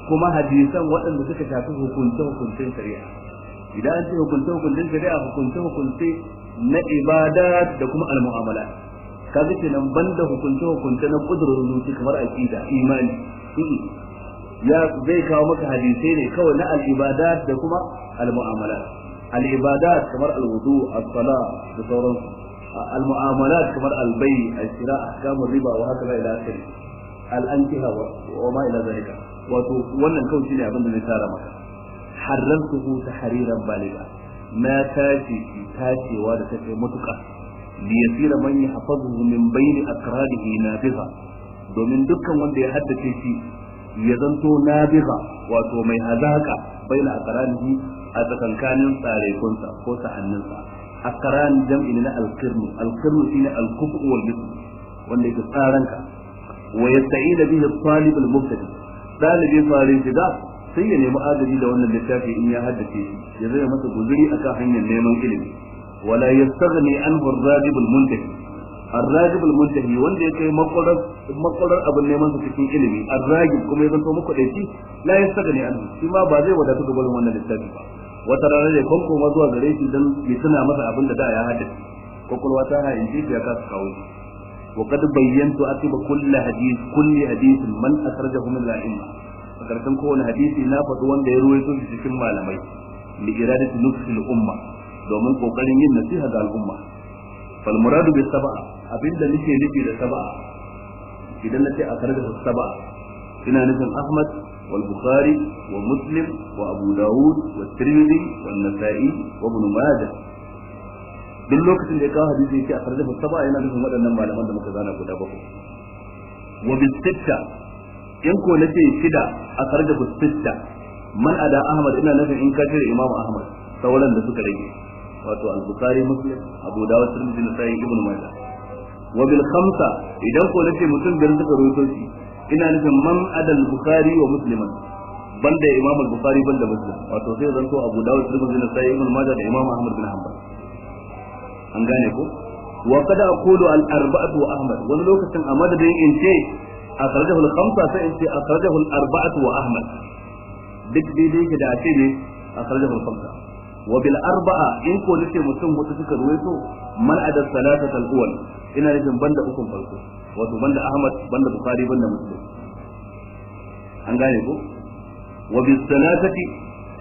Speaker 1: kuma hadisan waɗanda suka shafi hukunce hukuncen shari'a idan an ce hukunce hukuncen shari'a hukunce hukunce na ibada da kuma al-mu'amalat kaga kenan banda hukunce hukunce na kudurin zuci kamar aqida imani ya zai kawo maka hadisi ne kawai na al-ibadat da kuma al-mu'amalat al-ibadat kamar al-wudu as-sala da sauran al-mu'amalat kamar al-bay al-shira ahkamu riba wa haka ila akhiri al-ankiha wa ma ila zalika wato wannan kawai shine abin da zai tara maka harramtuhu tahriran baliga na tace tacewa da take mutuka liyasira man yahfazuhu min bayni akradihi nabiza domin dukkan wanda ya haddace si ya zanto nabiza wato mai hazaka bayna akradihi a tsakankanin tsarekunsa ko sa'anninsa akran jam'i na alqirnu alqirnu shine alkufu wal bism wanda yake tsaranka wa yasta'ida bihi talib al mubtadi dalibi fare da sai ya nemi agaji da wannan littafi in ya haddace shi ya zai masa a akan hanyar neman ilimi wala yastaghni anhu ar-ragib al-muntahi ar-ragib al wanda ya kai makwarar abin neman su cikin ilimi ar-ragib kuma ya zanto muku dai la yastaghni anhu shi ma ba zai wadatu da gurin wannan littafi ba wata rana ne kon koma zuwa gare shi dan ya masa abin da da ya haddace kokolwa ta ha in ji ya kasu kawo وقد بينت أكب كل حديث كل حديث من أخرجه من الأئمة فكرتم كون حديثي نافذ وان ديروي تجد كم مالمي لإرادة نفس الأمة domin kokarin yin nasiha ga al'umma fal muradu bis sab'a abinda nake nufi da sab'a idan nace a karga sab'a ina nufin Ahmad wal Bukhari wa Muslim wa Abu da'ud wa Tirmidhi wa Nasa'i wa Ibn Majah duk lokacin da ya kawo hadisi yake a karga sab'a yana nufin waɗannan malaman da muka zana guda bakwai wa bi sitta in ko nace shida a karga da sitta man ada Ahmad ina nufin in ka tare Imam Ahmad sauran da suka rage wato al-bukhari muslim abu dawud tirmidhi nasai ibnu majah wa bil khamsa idan ko nace mutum biyar suka rawaito shi ina nufin man adal bukhari wa musliman banda imam al-bukhari banda muslim wato sai zanto abu dawud tirmidhi nasai Ibn majah da imam ahmad bin hanbal an gane ko wa kada aqulu al-arba'atu wa ahmad wani lokacin a madadin in ce akhrajahu al-khamsa sai in ce akhrajahu al-arba'atu wa ahmad duk daidai ke da a ce ne akhrajahu al-khamsa wa bil arba'a in ko nace mutum wata suka ruwaito man adad salatat al awwal ina nufin banda ukun farko wato banda ahmad banda bukhari banda muslim an gane ko wa bis salatati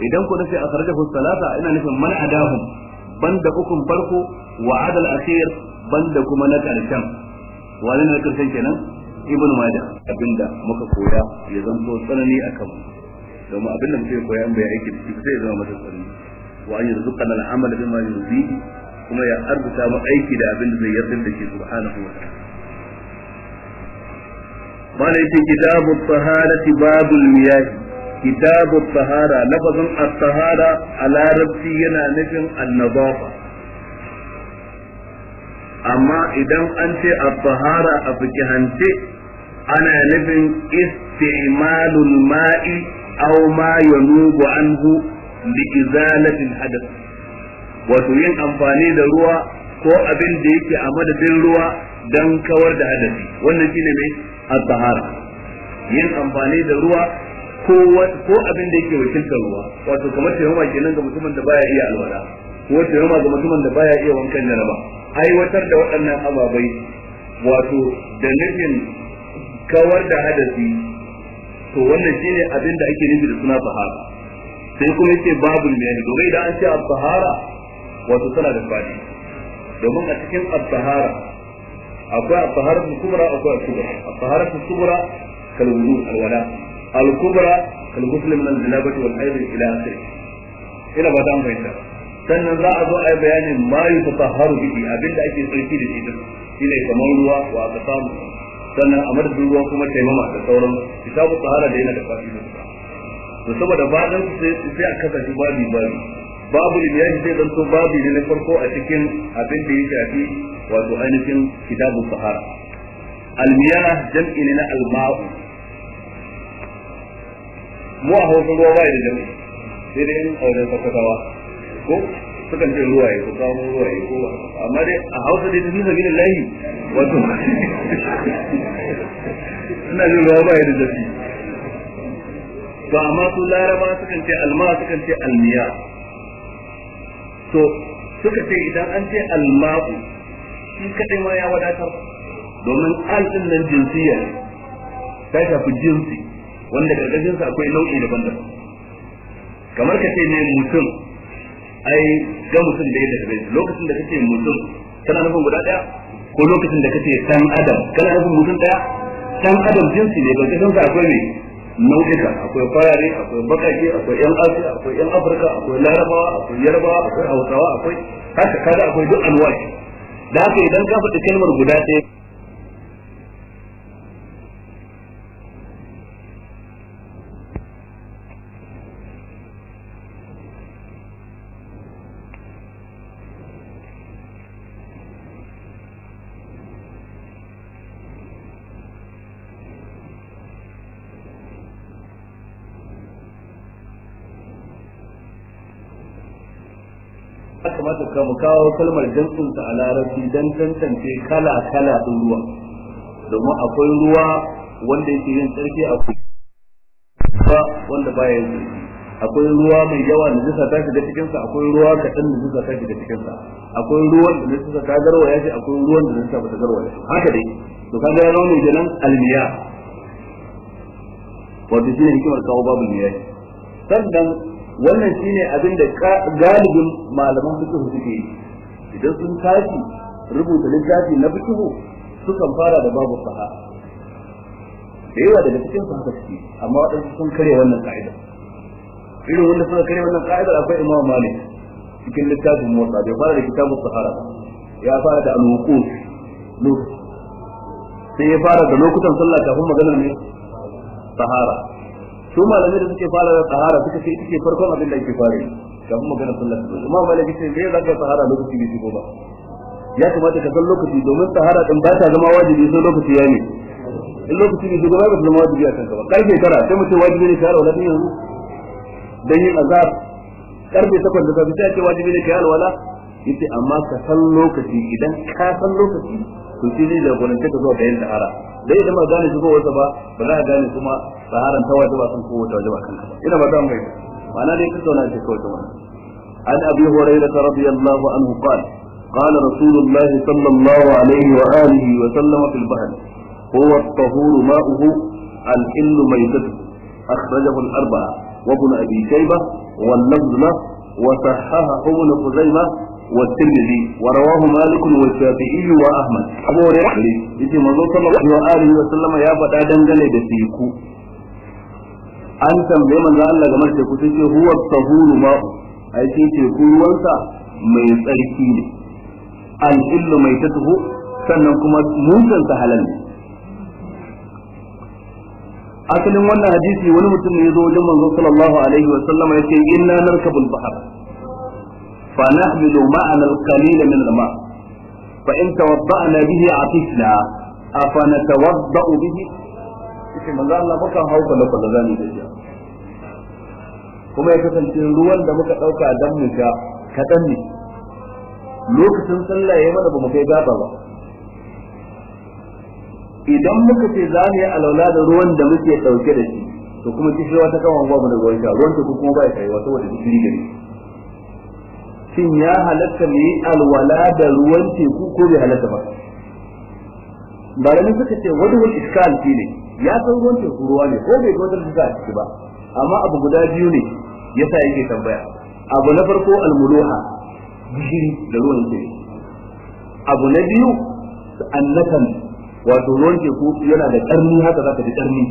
Speaker 1: idan ko nace akhrajahu salata ina nufin man adahum banda ukun farko wa adal akhir banda kuma na karshen wani na karshen kenan ibnu majah abinda muka koya ya zanto tsanani akan domin abinda mutum ya koya in bai aiki da shi sai ya zama masa tsanani wa an yarzuqana al-amal bima kuma ya arzuta mu aiki da abin da zai yarda da ke subhanahu wa ta'ala mana kitabu taharati babul miyah kitabu tahara lafazin at-tahara a larabci yana nufin an-nadafa amma idan an ce at-tahara a fikihance ana nufin isti'malul ma'i aw ma yanubu anhu li izalatil hadath wato yin amfani da ruwa ko abin da yake a madadin ruwa don kawar da hadasi wannan shine mai azhara yin amfani da ruwa ko ko abin da yake wakiltar ruwa wato kamar tayyama kenan ga mutumin da baya iya alwala ko tayyama ga mutumin da baya iya wankan jaraba aiwatar da waɗannan ababai wato da nufin kawar da hadasi to wannan shine abin da ake nufi da suna fahara sai kuma yake babul miyani domin idan an ce abbahara wato tana da fadi domin a cikin abbahara akwai abbahara kubra akwai kubra abbahara kubra kalwudu alwala al-kubra min al wal hayd ila akhirih ina ba dan bayyana sannan za a zo a yi bayanin ma yutahharu bihi abinda ake tsarki da shi shine kamar ruwa wa aka samu sannan a madadin ruwa kuma taimama da sauran kitabu tsara da yana da fadi da to saboda bayan sai sai a kasa shi babi babi babu ibyan zai zanto babi ne na farko a cikin abin da ya shafi wato ainihin kitabu sahara almiyana jam'i ne na alma'u mu a hausa ruwa bai da jam'i sai dai in auren sakatawa ko sukan ce ruwaye ko kawo ruwaye ko amma dai a hausa dai tafi sabi da layi wato ina jin ruwa bai da jam'i to amma su laraba sukan ce alma sukan ce almiya to suka ce idan an ce alma'u shi kadai ma ya wadatar domin al din nan jinsiya ta shafi jinsi wanda karkashin sa akwai nau'i daban-daban kamar ka ce ne mutum ai ga mutum da yadda kake lokacin da kake mutum kana nufin guda daya ko lokacin da kake san adam kana nufin mutum daya san adam jinsi ne karkashin sa akwai ne nau'ika akwai farare akwai bakake akwai yan asiya akwai yan afirka akwai larabawa akwai yarbawa akwai hausawa akwai haka kada akwai duk anwa'i da haka idan ka faɗi kalmar guda ɗaya suka mu kawo kalmar jam'in a larabci dan tantance kala kala din ruwa domin akwai ruwa wanda yake yin tsarki akwai ruwa wanda baya ya yi akwai ruwa mai yawa da zuka ta shiga cikin sa akwai ruwa kaɗan da zuka ta shiga cikin sa akwai ruwan da zuka ta garwa ya akwai ruwan da ba ta garwa ya haka dai to kaga ya zama mai jalan almiya wato shine hikimar kawo babu miya sannan wannan shine abin da galibin malaman fiqh suke yi idan sun tashi rubuta littafi na fiqh sukan fara da babu saha da yawa daga cikin su haka suke amma waɗansu sun kare wannan ka'ida irin wanda suka kare wannan ka'idar akwai imam malik cikin littafin motsa bai fara da kitabun sahara ba ya fara da alwuku sai ya fara da lokutan sallah kafin maganar ne sahara su malamai da suke fara da sahara suka ce ita ce farkon abin da ake fara kafin magana sallar da kuma wani gisa ne za ka sahara lokaci bai shigo ba ya kamata ka san lokaci domin sahara din ba ta zama wajibi sai lokaci ya ne in lokaci ne shugaba ba zama wajibi a kanka ba karfe tara sai mutum wajibi ne shahara wala yanzu dan yin azar karfe takwas da fi sai ce wajibi ne ka yi alwala yace amma ka san lokaci idan ka san lokaci to shi zai jagorance ka zuwa ga yin sahara dai idan ba gane shi kowace ba ba za a gane kuma saharan ta wata ba san kowace waje ba kanka ina ba za mu gaida ma'ana dai ka zauna ce kowace wani an abi hurairah radiyallahu anhu qala قال رسول الله صلى الله عليه وآله وسلم في البحر هو الطهور ماؤه الحل ميتته أخرجه الأربعة وابن أبي شيبة واللفظ له وصححه ابن خزيمة والترمذي ورواه مالك والشافعي واحمد ابو هريره يجي من صلى الله عليه وسلم يا فدا دنگله da teku an tambaye manzo Allah game da teku sai ce huwa tahuru ma ai sai teku ruwansa mai tsarki ne An illu mai tatuhu sannan kuma munkan sa halal asalin wannan hadisi wani mutum ne ya zo wajen manzo sallallahu alaihi wa sallama yace inna narkabul bahar فنحمل معنا القليل من الماء فإن توضأنا به عطشنا أفنتوضأ به yake manzo Allah muka hau kwale kwale zamu da kuma ya kasance ruwan da muka ɗauka dan mu sha kadan ne lokacin sallah yayi mana bamu kai gaba ba idan muka ce za mu yi alaula da ruwan da muke dauke da shi to kuma kishiwa ta kawo babu da ruwan sha ruwan ta kuma ba ya kai wato da gishiri gari shin ya halatta mu alwala da ruwan teku ko bai halatta ba malamai suka ce wani wani iskal shi ne ya san ruwan teku ruwa ne ko bai ga wata a ciki ba amma abu guda biyu ne ya sa yake tambaya abu na farko almuluha gishiri da ruwan teku abu na biyu annakan, wato ruwan teku yana da karni haka za ka ji karni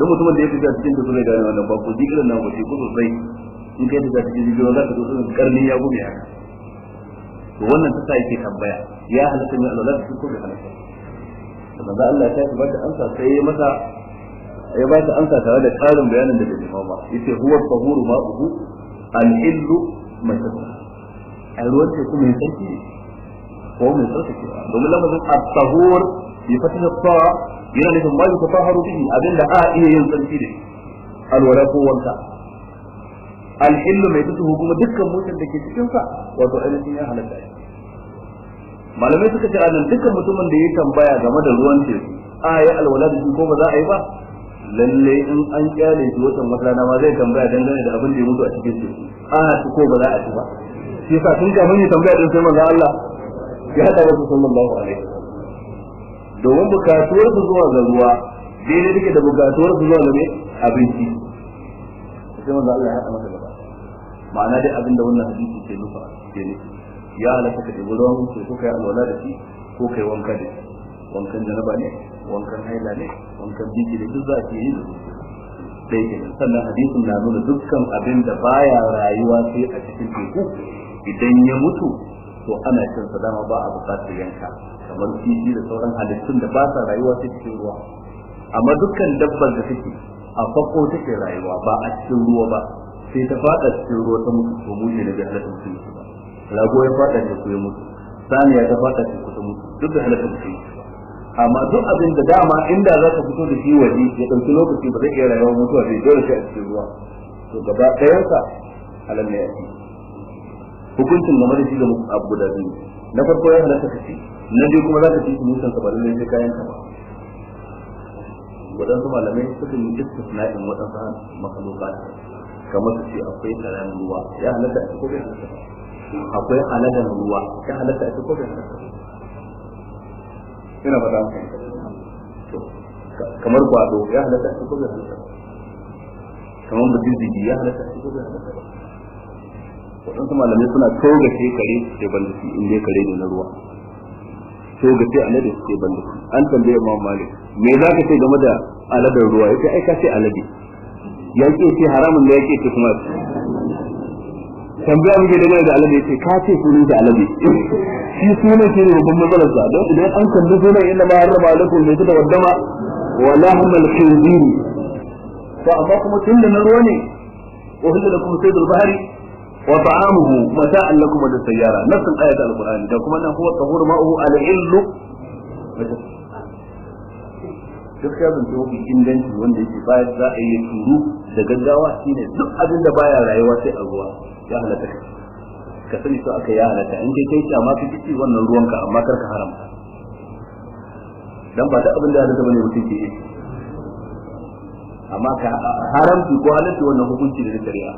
Speaker 1: don mutumin da ya fi fita cikin da zai gane wannan ba ku ji irin na wace ku sosai in kai da ta jirgin ruwa za ka zo sun karni ya gume haka to wannan ta yake tambaya ya halatta mai alwala da ko da halatta to manzo Allah ya tafi bata amsa sai ya mata ya ba ta amsa tare da karin bayanin da bai kawo ba yace huwa tahuru ma'uhu al-illu masaka a ruwan teku mai sarki ko mai sarki domin lamarin at-tahur bi fatih at-ta yana nufin ma yutahharu bihi abinda a iya yin sarki da alwala ko wanka alhillu mai duhu kuma dukkan mutum da ke cikin sa wato ainihin ya halatta shi malamai suka ce anan dukkan mutumin da ya tambaya game da ruwan teku a ya alwala da ko ba za a yi ba lalle in an kyale shi watan masana ma zai tambaya dangane da abin da ya mutu a cikin teku a ko ba za a ci ba shi yasa tun mun ya tambaya din sai manzo Allah ya hada da sallallahu alaihi domin bukatuwar su zuwa ga ruwa daidai take da bukatuwar su zuwa ga abinci sai manzo Allah ya hada masa ma'ana dai abin da wannan hadisi ke nufa ke nufi ya halatta ka dubi ruwan wuce ko kai alwala da shi ko kai wanka da wankan janaba ne wankan haila ne wankan biki da duk za a yi da dai ke sannan hadisin na nuna dukkan abin da baya rayuwa sai a cikin teku idan ya mutu to ana cin sadama dama ba a bukatar yanka kamar kifi da sauran halittun da ba sa rayuwa sai cikin ruwa amma dukkan dabbar da take a fako take rayuwa ba a cikin ruwa ba sai ta fada cikin ruwa ta mutu ko yi da bai halatta mutum yake ba rago ya fada ta ya mutu ya ta fada ta ta mutu duk da halatta mutum amma duk abin da dama inda za ka fito da shi waje ya ɗauki lokaci ba zai iya rayuwa mutuwa bai dole sai a cikin ruwa to gaba ɗayansa halal ne a hukuncin game da shi da abu da biyu na farko ya halatta ka ci na biyu kuma za ka ci musan ka ba lallai sai kayan ka ba waɗansu malamai suka yi istisna'in waɗansu makalokata kamar su ce akwai tsaron ruwa ya halatta a ci kofin akwai haladan ruwa ya halatta a ci kofin ina ba da kamar gwado ya halatta a ci kofin kamar bujizigi ya halatta a ci kofin waɗansu malamai suna togace kare su ce ban da shi inda kare ne na ruwa togace alade su ce ban da an tambaye imam malik me za ka ce game da aladar ruwa ya ce ai ka ce alade ya ke ce haramun da yake ke ce kuma tambaya muke dangane da alade ce ka ce sunan da alade shi sunan shi ne babban matsalar sa don idan an kalli sunan inda ma harrama alaikum mai tuta waddama wa lahmal khinziri fa amma kuma tunda da na ruwa ne wa hullu lakum saydul bahri wa ta'amuhu mata'an lakum wa sayyara nassan ayatul qur'ani da kuma nan huwa tahuru ma'u al-illu gaskiya zance mafi inganci wanda yake bayar za a yi turu da gaggawa shine duk abin da baya rayuwa sai a ruwa ya halatta ka ka sani to aka ya halatta in dai kai kyama ka kici wannan ruwanka amma kar ka haramta dan ba ta abin da halatta bane mutum ke yi amma ka haramci ko halatta wannan hukunci da shari'a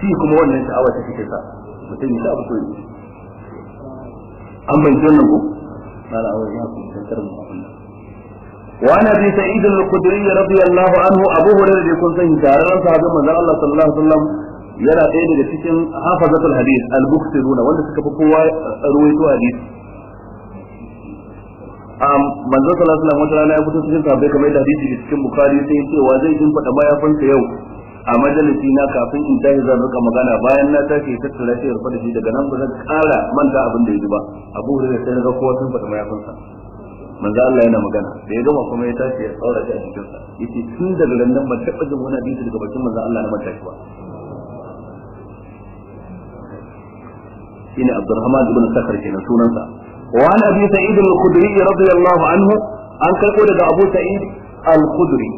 Speaker 1: shi kuma wannan sha'awa ta kike sa mutum ya abu ko an bai wannan ko na da awai ya kuma tantar mu وعن ابي سعيد الخدري رضي الله عنه ابو هريره يكون سنه تاران صحابه من الله صلى الله عليه وسلم yana ɗaya daga cikin hafazatul hadith al-bukhtiruna wanda suka fi kowa ruwaito hadith um manzo sallallahu alaihi wasallam wata rana ya fito cikin sahabbai kamar yadda hadisi da cikin bukhari sai ya wa zai jin fada baya fanka yau a majalisi na kafin in tashi zan rika magana bayan na tashi ya tattara shi ya rufa shi daga nan ba zan ƙara manta abin da ya ji ba abu hurairah sai na ga kowa sun fada mayafansa manzo Allah yana magana da ya gama kuma ya tashi ya tsaura shi a cikin sa yace tun daga nan ban taba jin wani hadisi daga bakin manzo Allah na mutaki ba shine Abdurrahman ibn Sakhr kenan sunansa wa an Abi Sa'id al-Khudri radiyallahu anhu an karbo daga Abu Sa'id al-Khudri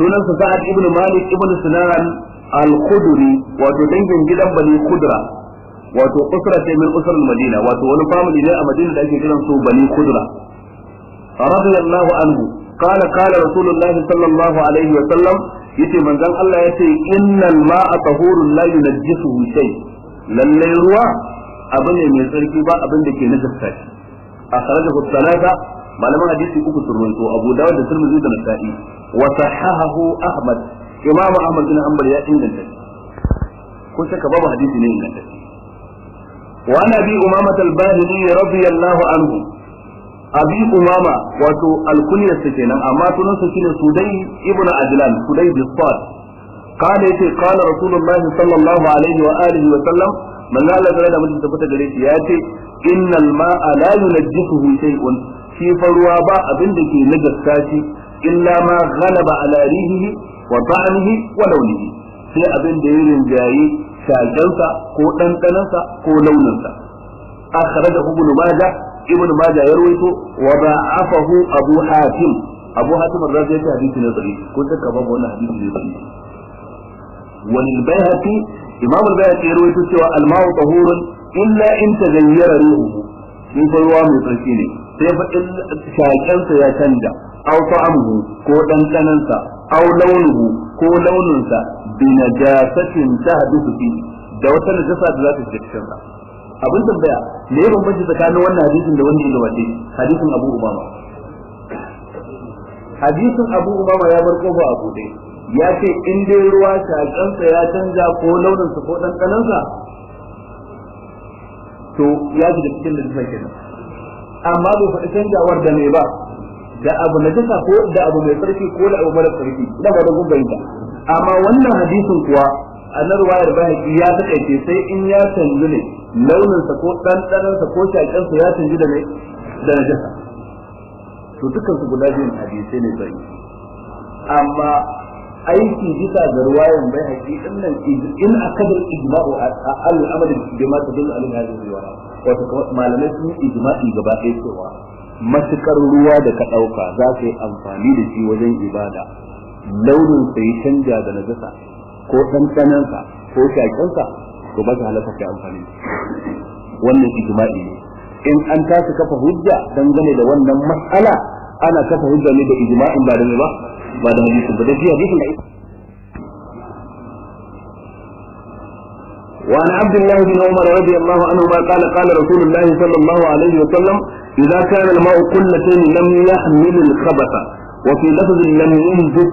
Speaker 1: sunansa Sa'ad ibn Malik ibn Sinan al-Khudri wato dangin gidan Bani Khudra wato usra ce min usrar madina wato wani family ne a madina da ake kiran bani kudra radiyallahu anhu قال قال rasulullahi sallallahu alaihi wa sallam yace manzon Allah yace innal ma'a tahurun la yunajjisuhu shay lalle ruwa abu ne mai tsarki ba abin da ke najasta shi a kharaja salata malaman hadisi uku sun ruwaito Abu Dawud da Tirmidhi da Nasa'i wa sahahahu Ahmad Imam Ahmad bin Hanbal ya inganta ko shaka babu hadisi ne inganta وعن أبي أمامة الباهلي رضي الله عنه ابي أمامة واتو الكنية سكينة اما تنسى سكينة سودي ابن عجلان سودي بالصاد قال يتي قال رسول الله صلى الله عليه وآله وسلم من قال لك لنا مجلس تفتح قريتي ياتي إن الماء لا ينجسه شيء في فروابا أبن لكي نجس كاشي الا ما غلب على ريحه وطعمه ولونه في ابن دير جاي shakensa ko ɗanɗanansa ko launinsa da ibn majah ibn majah ya rawaito wa afahu abu hatim abu hatim ar-razi ya hadisi ne sahihi ko duka babu wannan hadisi ne sahihi wani bai bayhaqi imamul al-bayhaqi ya rawaito cewa al-ma'u tahurun illa in taghayyara ruhu in ko ruwa mai tsarki ne sai fa in shakensa ya canja au ta'amuhu ko ɗanɗanansa au launuhu ko launinsa binajasatin tahduthu fi da wata najasa da za ta shiga cikin sa abin tambaya me ya bambanci tsakanin wannan hadisin da wanda ya gabace hadisin Abu Umama hadisin Abu Umama ya bar kofa a bude ya ce in dai ruwa shakansa ya canja ko launin sa ko dandanan sa to ya da cikin da zai kenan amma bai faɗi canzawar da me ba da abu najasa ko da abu mai tsarki ko da abu mara tsarki ina ba da gumbayin amma wannan hadisin kuwa a na ruwayar bahaki ya taƙaice sai in ya canji ne launinsa ko ɗanɗanarsa ko shaƙensa ya canji da ne da najasa to dukkan su guda biyun hadisai ne bai amma aiki bisa ga ruwayar bai haƙi in a kadar ijma'u a al'amarin jima'a ta dole alin hadin riwaya wato malamai sun ijma'i gaba ɗaya cewa matuƙar ruwa da ka ɗauka za ka yi amfani da shi wajen ibada launin sa ya canja da najasa ko ɗanɗanan sa ko shaƙen sa to ba ta halaka ta amfani wannan ijma'i ne in an tashi kafa hujja dangane da wannan mas'ala ana kafa hujja ne da ijma'in ba da ba ba da hadisi ba da shi hadisin da وعن عبد الله بن عمر رضي الله عنهما قال قال رسول الله صلى الله عليه وسلم إذا كان الماء قلتين لم يحمل الخبث وفي لفظ لم ينجس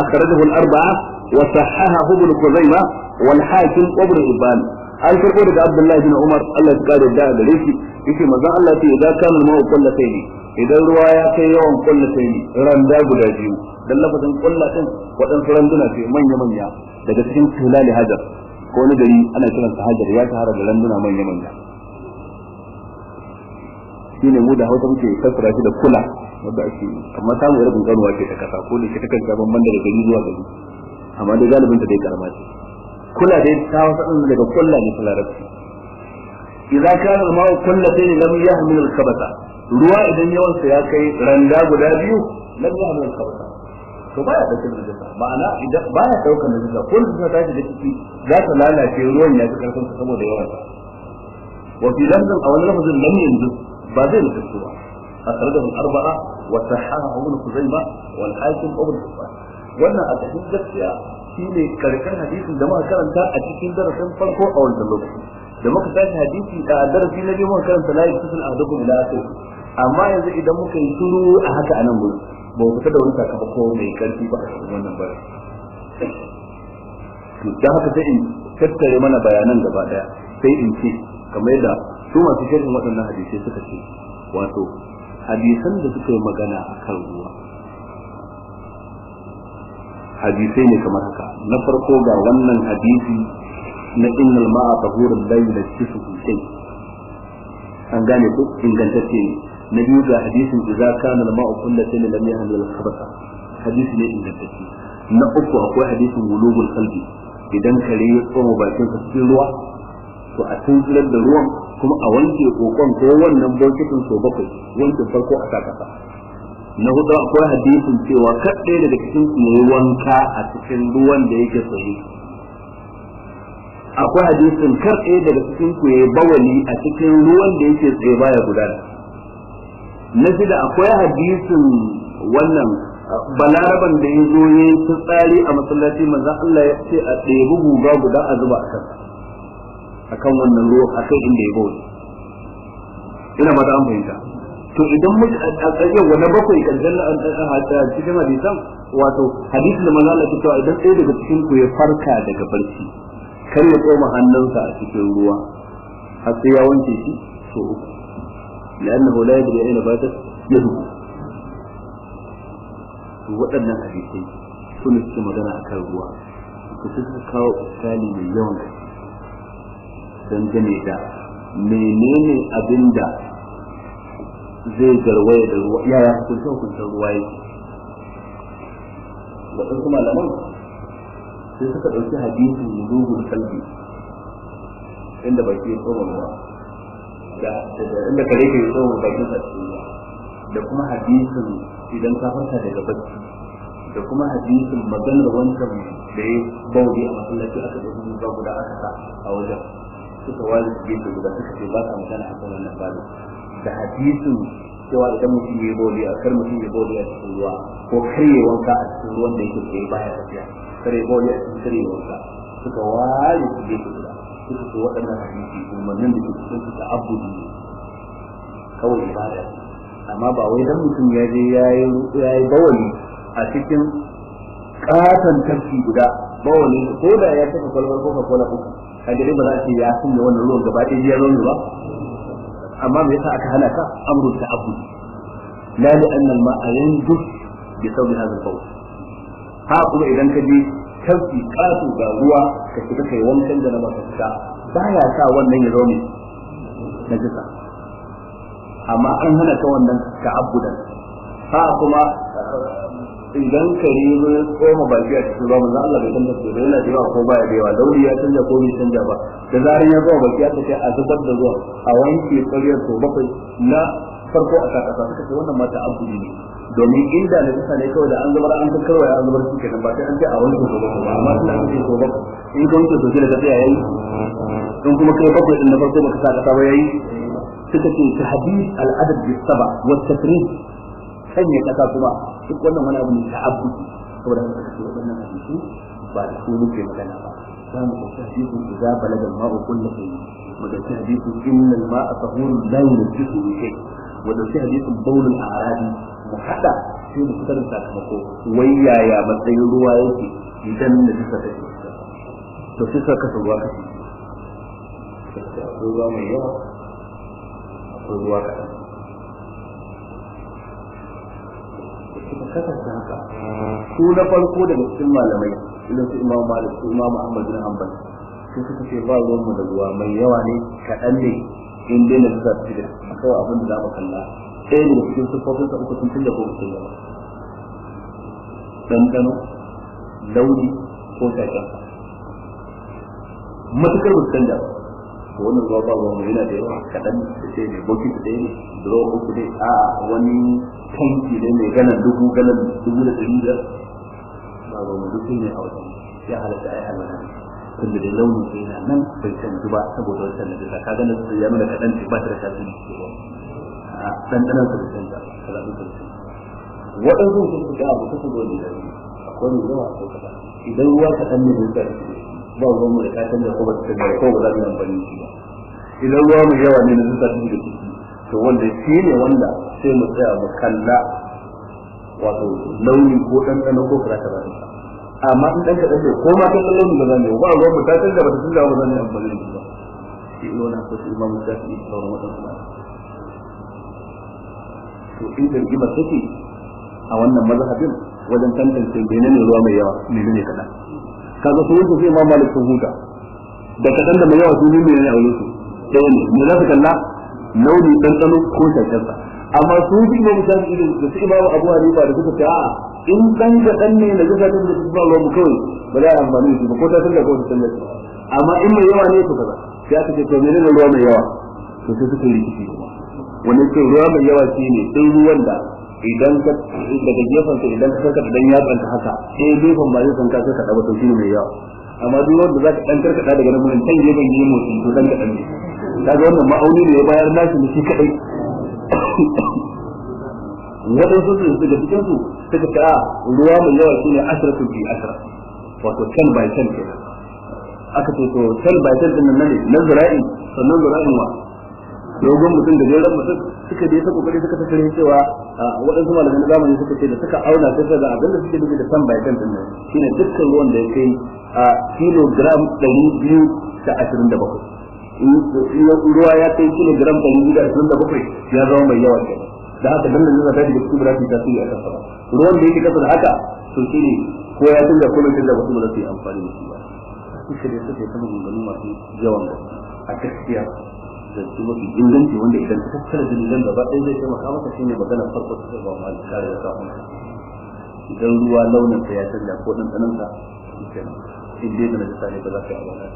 Speaker 1: akhrajahu al-arba'a wa sahahahu ibn Khuzaimah wal Hakim wa Ibn Hibban an karbo daga Abdullahi bin Umar Allah ya kare da gare shi yace manzon Allah ce idan kana ma'u kullataini idan ruwa ya kai yawan kullataini randa guda biyu dan lafazin kullatin waɗansu randuna ce manya manya daga cikin tulali hajar ko wani gari ana kiransa hajar ya shahara da randuna manya manya shine mu da hausa muke fassara shi da kula wanda ake amma mu irin kankanuwa ce ta kasa ko ne ke takan gaban banda daga gari zuwa gari amma dai galibin ta dai karama ce kula dai ta wasa ɗin daga kulla ne kula larabci idza kana ma kulla kullatayn lam yahmil al khabata ruwa idan yawansa ya kai randa guda biyu lam yahmil al khabata to ya da najasa ma'ana idan baya daukar da ko da ta da ciki za ta lalace ruwan ya ji karfin sa saboda yawan sa wa fi a wani lafzin lam yanzu ba zai nufi ba a tare da arba'a وصححه ابن خزيمة والحاكم ابن حبان wannan a cikin gaskiya shine karkan hadisin da muka karanta a cikin darasin farko a wannan lokaci da muka tashi hadisi da darasi na biyu muka karanta la yusul ahdukum ila akhir amma yanzu idan muka yi shiru a haka anan gurin ba fita da mai ba a cikin wannan bare da haka sai in tattare mana bayanan gaba daya sai in ce kamar yadda su masu shirin waɗannan hadisai suka ce wato hadisan da suka yi magana a kan ruwa hadisai ne kamar haka na farko ga wannan hadisi na innal ma'a tahurul layla tisu shay an gane ko ingantacce ne na biyu ga hadisin idza kana al-ma'u kullatan lam yahmil al-khabatha hadisi ne ingantacce na uku akwai hadisin wulubul qalbi idan kare ya tsoma bakin sa cikin ruwa to a tunzular da ruwan kuma a wanke kokon ko wannan bokitin so bakwai wankin farko a kakasa na hudu akwai hadisin cewa kaɗai daga cikin yayi wanka a cikin ruwan da yake tsaye akwai hadisin kaɗai daga cikin ku ya bawali a cikin ruwan da yake tsaye baya gudana na shida akwai hadisin wannan balaraban da ya zo ya yi tsari a masallaci manzo Allah ya ce a ɗebi guga guda a zuba a kansa akan wannan ruwa akan inda ya bauta ina ba an fahimta to idan muka a tsariyar wani bakwai karshen cikin hadisan wato hadisi da maza Allah cewa idan ɗaya daga cikin ku ya farka daga barci kar ya tsoma hannunsa a cikin ruwa har sai ya wanke shi so uku لأنه da يدري أين باتت yadu waɗannan hadisai sun suke magana a kan ruwa ku suka kawo iskali mai yawan gaske dangane da menene abinda zai garwaya da ruwa yaya kun san ruwa yake waɗansu malaman sai suka ɗauki hadisin zugun kalbi inda baki yi tsoron ba da inda kare ke tsoron ba sa cikin da kuma hadisin idan ka farka daga bacci da kuma hadisin maganar wancan da ya bauri a masallaci aka ɗauki guda guda aka sa a wajen suka wani gefe guda suka ce ba ka magana akan na babu da hadisu cewa idan mutum ya bori a kar mutum ya bori a cikin ruwa ko karye wanka a cikin ruwan da yake ba baya tafiya kare bori a cikin karye wanka suka wani gefe guda suka ce waɗannan hadisi umarnin da ke cikin su ta abu ne kawai ibada amma ba wai dan mutum ya je ya yi bawali a cikin katon tafki guda bawali ko da ya saka kwalwar kofa kwalwar kofa. kaje ba za a ya sunne wannan ruwan gaba ɗaya ya rone ba amma me yasa aka hana ka amru ta abu la li anna al ma'a yanzu bi sababi hadha al qawl ha kuma idan ka ji kafi kasu ga ruwa ka shiga kai wankan da na ba ka baya sa wannan ya ne. na jisa amma an hana ka wannan ka abudan ha kuma idan kare zo ya koma baki a cikin ruwa manzo Allah bai san da su da yana cewa ko baya da yawa dauri ya canja ko bai canja ba da zarin ya zuwa baki aka ce a zubar da zuwa a wanke tsariyar to bakwai na farko a kakasa suka ce wannan mata abudi ne domin inda na bisa ne kawai da an zubar an kakkarwa an zubar su kenan ba sai an ce a wani gobe ba amma suna an ce so bakwai in ka wuce sosai da ka tsaya yayi in kuma kai bakwai din na farko baka sa kasa ba yayi suka ce tahdid al-adad bis-saba wa at-tafrid sanya kasa kuma duk wannan wani abu ne ta abu saboda haka kace wannan hadisi ba da su muke magana ba za mu ɗauki hadisin da za balaga ma'u kullu kai mu ɗauki hadisin innal ma'a tahurun la yurjisu shay mu ɗauki hadisin baulul a'rabi mu hada sai mu fitar sakamako wai yaya matsayin ruwa yake idan da bisa ta to sai suka kasa ruwa kashi ruwa mai yawa ruwa kaɗan suka kasance haka su na farko daga cikin malamai idan su imam malik su imam ahmad bin hanbal su suka ce ba ruwan mu da ruwa mai yawa ne kaɗan ne in dai na zuwa su da kawai abin da za mu kalla ɗaya daga cikin siffofin sa uku sun da ko sun yawa ɗanɗano launi ko shaƙen matukar ba su ba to wannan ruwa ba ruwan yana da yawa kaɗan da ce mai bokiti ɗaya ne da ruwa uku ne a wani tanki ne mai galan dubu galan dubu da ɗari biyar ba ruwan duk ne a wajen ya halatta a yi alwala tunda da launin sai yana nan bai can ba saboda wancan da duka kaga na ya nuna kaɗan ce ba ta da tasiri a ɗanɗanan su da canza kalamu su da canza waɗansu sun fi ga abu ta su zo ne da akwai mai yawa ko kaɗan idan ruwa kaɗan ne zai tsarki ba ruwan mu da ta da ko ba ta canza ko ba za mu yi amfani da shi ba idan ruwa mu yawa ne na zuta su da ciki to wanda shi ne wanda sai mu tsaya mu kalla wato launi ko ɗanɗano ko kaza kaza amma in ɗan kaɗan ne ko ma ta kallon mu ba za yi ba ruwan mu ta canza ba ta canza ba za mu yi amfani da shi ba shi ne wani hankali imamu shafi'i sauran waɗansu ba to in inda rigima take a wannan mazhabin wajen tantance menene ruwa mai yawa menene kaɗan kaga su yanzu sai imam malik sun huta da kadan da mai yawa sun yi ne a wurin su sai ne me za su kalla launi ɗanɗano ko shakarsa amma su ne imam shafi'i da su imam abu hanifa da suka ce a in dan ga dan ne da zaka tafi da ba mu kawai ba za a amfani da shi ba ko ta tunda ko ta tunda amma in mai yawa ne su kaza sai aka ce to menene ruwa mai yawa to sai suka yi rikici wani ce ruwa mai yawa shine sai ruwan da idan ka daga gefen ka idan ka karkata dan yatsan ka haka sai gefen ba zai san ka karkata ba to shine mai yawa amma duk wanda zaka dan karkata daga nan gurin can gefen yayin motsi to dan ka dan ne kaga wannan ma'auni ne ya bayar nashi ne shi kadai waɗansu su su da cikin su suka ta a ah, ruwa mai yawa shine ashratu bi ashra wato ten by kan aka ce to ten by ten din nan ne na zira'i sannan zira'in wa dogon mutum da jeran mutum suka dai ta kokari suka tafi cewa waɗansu malamin na zamani suka ce da suka auna ta da abin da suke nufi da san bai kan dinnan shine dukkan ruwan da ya kai a kilogram ɗari biyu da ashirin da bakwai ruwa ya kai kilogram ɗari biyu da ashirin da bakwai ya zama mai yawa kenan da haka dan nan zai da su burafi ta tsiri a kasa ruwan da yake kasa da haka to shine ko ya tunda da tunda wasu da su yi amfani da shi ba suka dai suka yi ta masu yawan gaske a gaskiya zance mafi inganci wanda idan ka tattara dalilan gaba ɗaya zai taimaka maka shi ne magana farko ta sai ba mu da kafin idan ruwa launin ta ya canja ko ɗan in dai da najasa ne ba za ka yi amana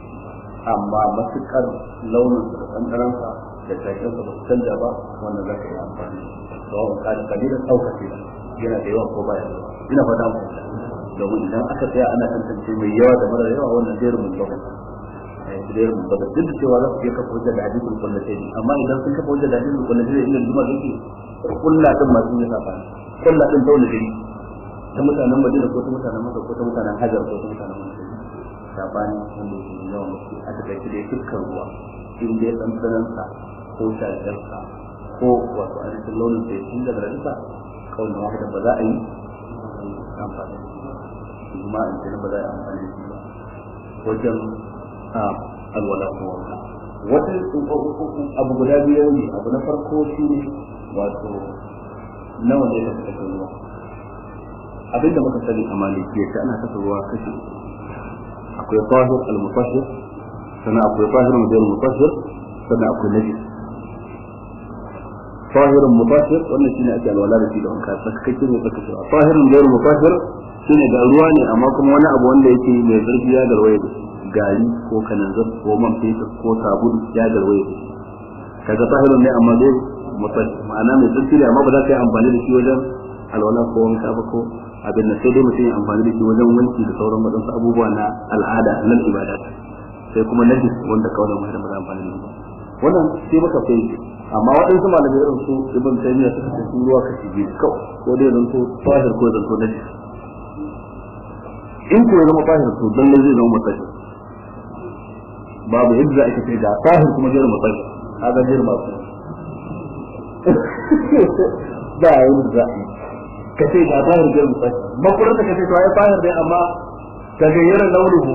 Speaker 1: amma matuƙar launin sa da ɗan ɗanan sa da shaƙin sa ba su canja ba wannan za ka yi amfani da wa ƙari kalilan ɗaukar ce yana da yawa ko baya yana ina mu domin idan aka tsaya ana tantance mai yawa da mara yawa wannan jerin mun lokaci a yanzu da yarmu daga duk cewa za su iya kafa hujja da hadisul kullatai amma idan sun kafa hujja da hadisul kullatai inda zuma yake kullu din masu yin safa kullu din dole gari ta mutanen Madina ko ta mutanen Makka ko ta mutanen Hajar ko ta mutanen Madina sabani wanda yake yawan musu a takaice dai dukkan ruwa in dai tsantsanansa ko shagarsa ko wato ainihin launin da ya tun daga rarrufa kawai na wahida ba za a yi amfani kuma in ba za a yi amfani da shi ba wajen alwala ko wanka wata abu guda biyu ne abu na farko shi ne wato nawa ne ka saka ruwa abinda muka sani a maliki yake ana saka ruwa kashi akwai tahir al-mutahhir sannan akwai tahir mudayr mutahhir sannan akwai najis طاهر مطهر wannan ne ake alwala da shi da wanka tsakakke ne tsakakke طاهر غير shi ne da ruwa ne amma kuma wani abu wanda yake mai zurfi ya garwaye da gari ko kananzar ko man fetur ko sabulu ya garwaye kaga sahilun ne amma dai ma'ana mai tsirkiri amma ba za ka yi amfani da shi wajen alwala ko wanka kafa ko abin da sai dai mutum ya amfani da shi wajen wanki da sauran waɗansu abubuwa na al'ada na ibada sai kuma najis wanda kawai mai da amfani da shi wannan sai muka fahimci amma waɗansu malamai irin su ibn taymiya suka ce sun ruwa kashi biyu kawai ko dai zanto fahir ko zanto najis in ko ya zama fahir to dan zai zama mutashi babu yadda za a kace ga sahir kuma matsayi, a ga jirin masu da a yi za a yi kace ga sahir jirin mutsal makurar da ka ce tsaye sahir dai amma tagayyara launuhu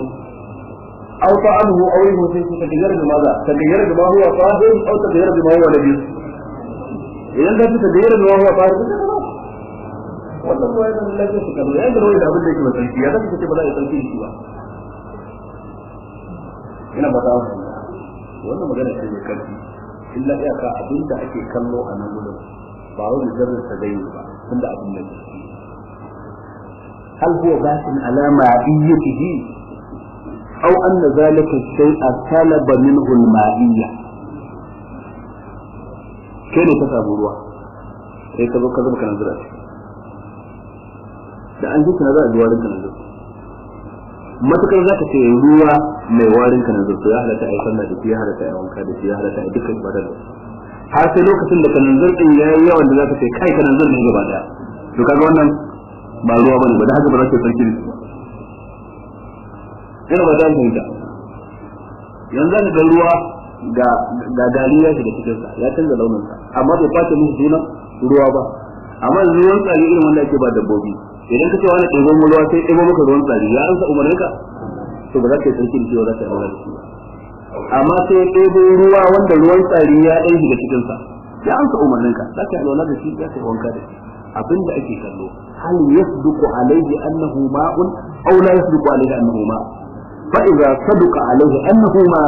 Speaker 1: aw ta'anuhu aw yuhu sai ta gayyara da maza gayyara da mahuwa huwa sahir ta gayyara da mahuwa huwa nabi idan ka gayyara da mahuwa huwa sahir wannan ruwaya da Allah ya saka ruwaya da ruwaya da abin da yake masarki ya ta ce ba za a yi sarki shi ba ina ba ta wannan magana ce mai karfi illa iyaka abin da ake kallo a nan gudun ba wani mujarrar ta zai ba tun da abin nan hal huwa basin alama ma'iyatihi aw anna zalika shay'a talaba minhu al-ma'iyya kai ne ta samu ruwa sai ka zo ka zuba kana zura da an zuka na za a ji warin kana zura matukar za ka ce ruwa mai warin ka na zurfi ya halatta a yi sallah da shi ya halatta a yi wanka da shi ya halatta a yi dukkan ibada da har sai lokacin da kananzir din ya yi yawan da za ka ce kai kananzir ne gaba daya to kaga wannan ba ruwa ba ne ba da haka ba za ka sarki ne ina ba za mu fahimta yanzu ka ga ruwa ga ga dariya shi da cikin sa ya canza launin sa amma bai fata musu juna ruwa ba amma ruwan tsari irin wanda ake ba dabbobi idan ka ce wani ɗigo mu ruwa sai ɗigo muka ruwan tsari ya ansa umarnin ka to ba za ka yi sarki da cewa za ka yi aure shi amma sai ya ɗebo ruwa wanda ruwan tsari ya ɗan shiga cikinsa ya ansa umarnin ka za ka yi alwala da shi za ka yi wanka da shi abin da ake kallo hal yasduqu alayhi annahu ma'un aw la yasduqu alayhi annahu ma fa idza saduqa alayhi annahu ma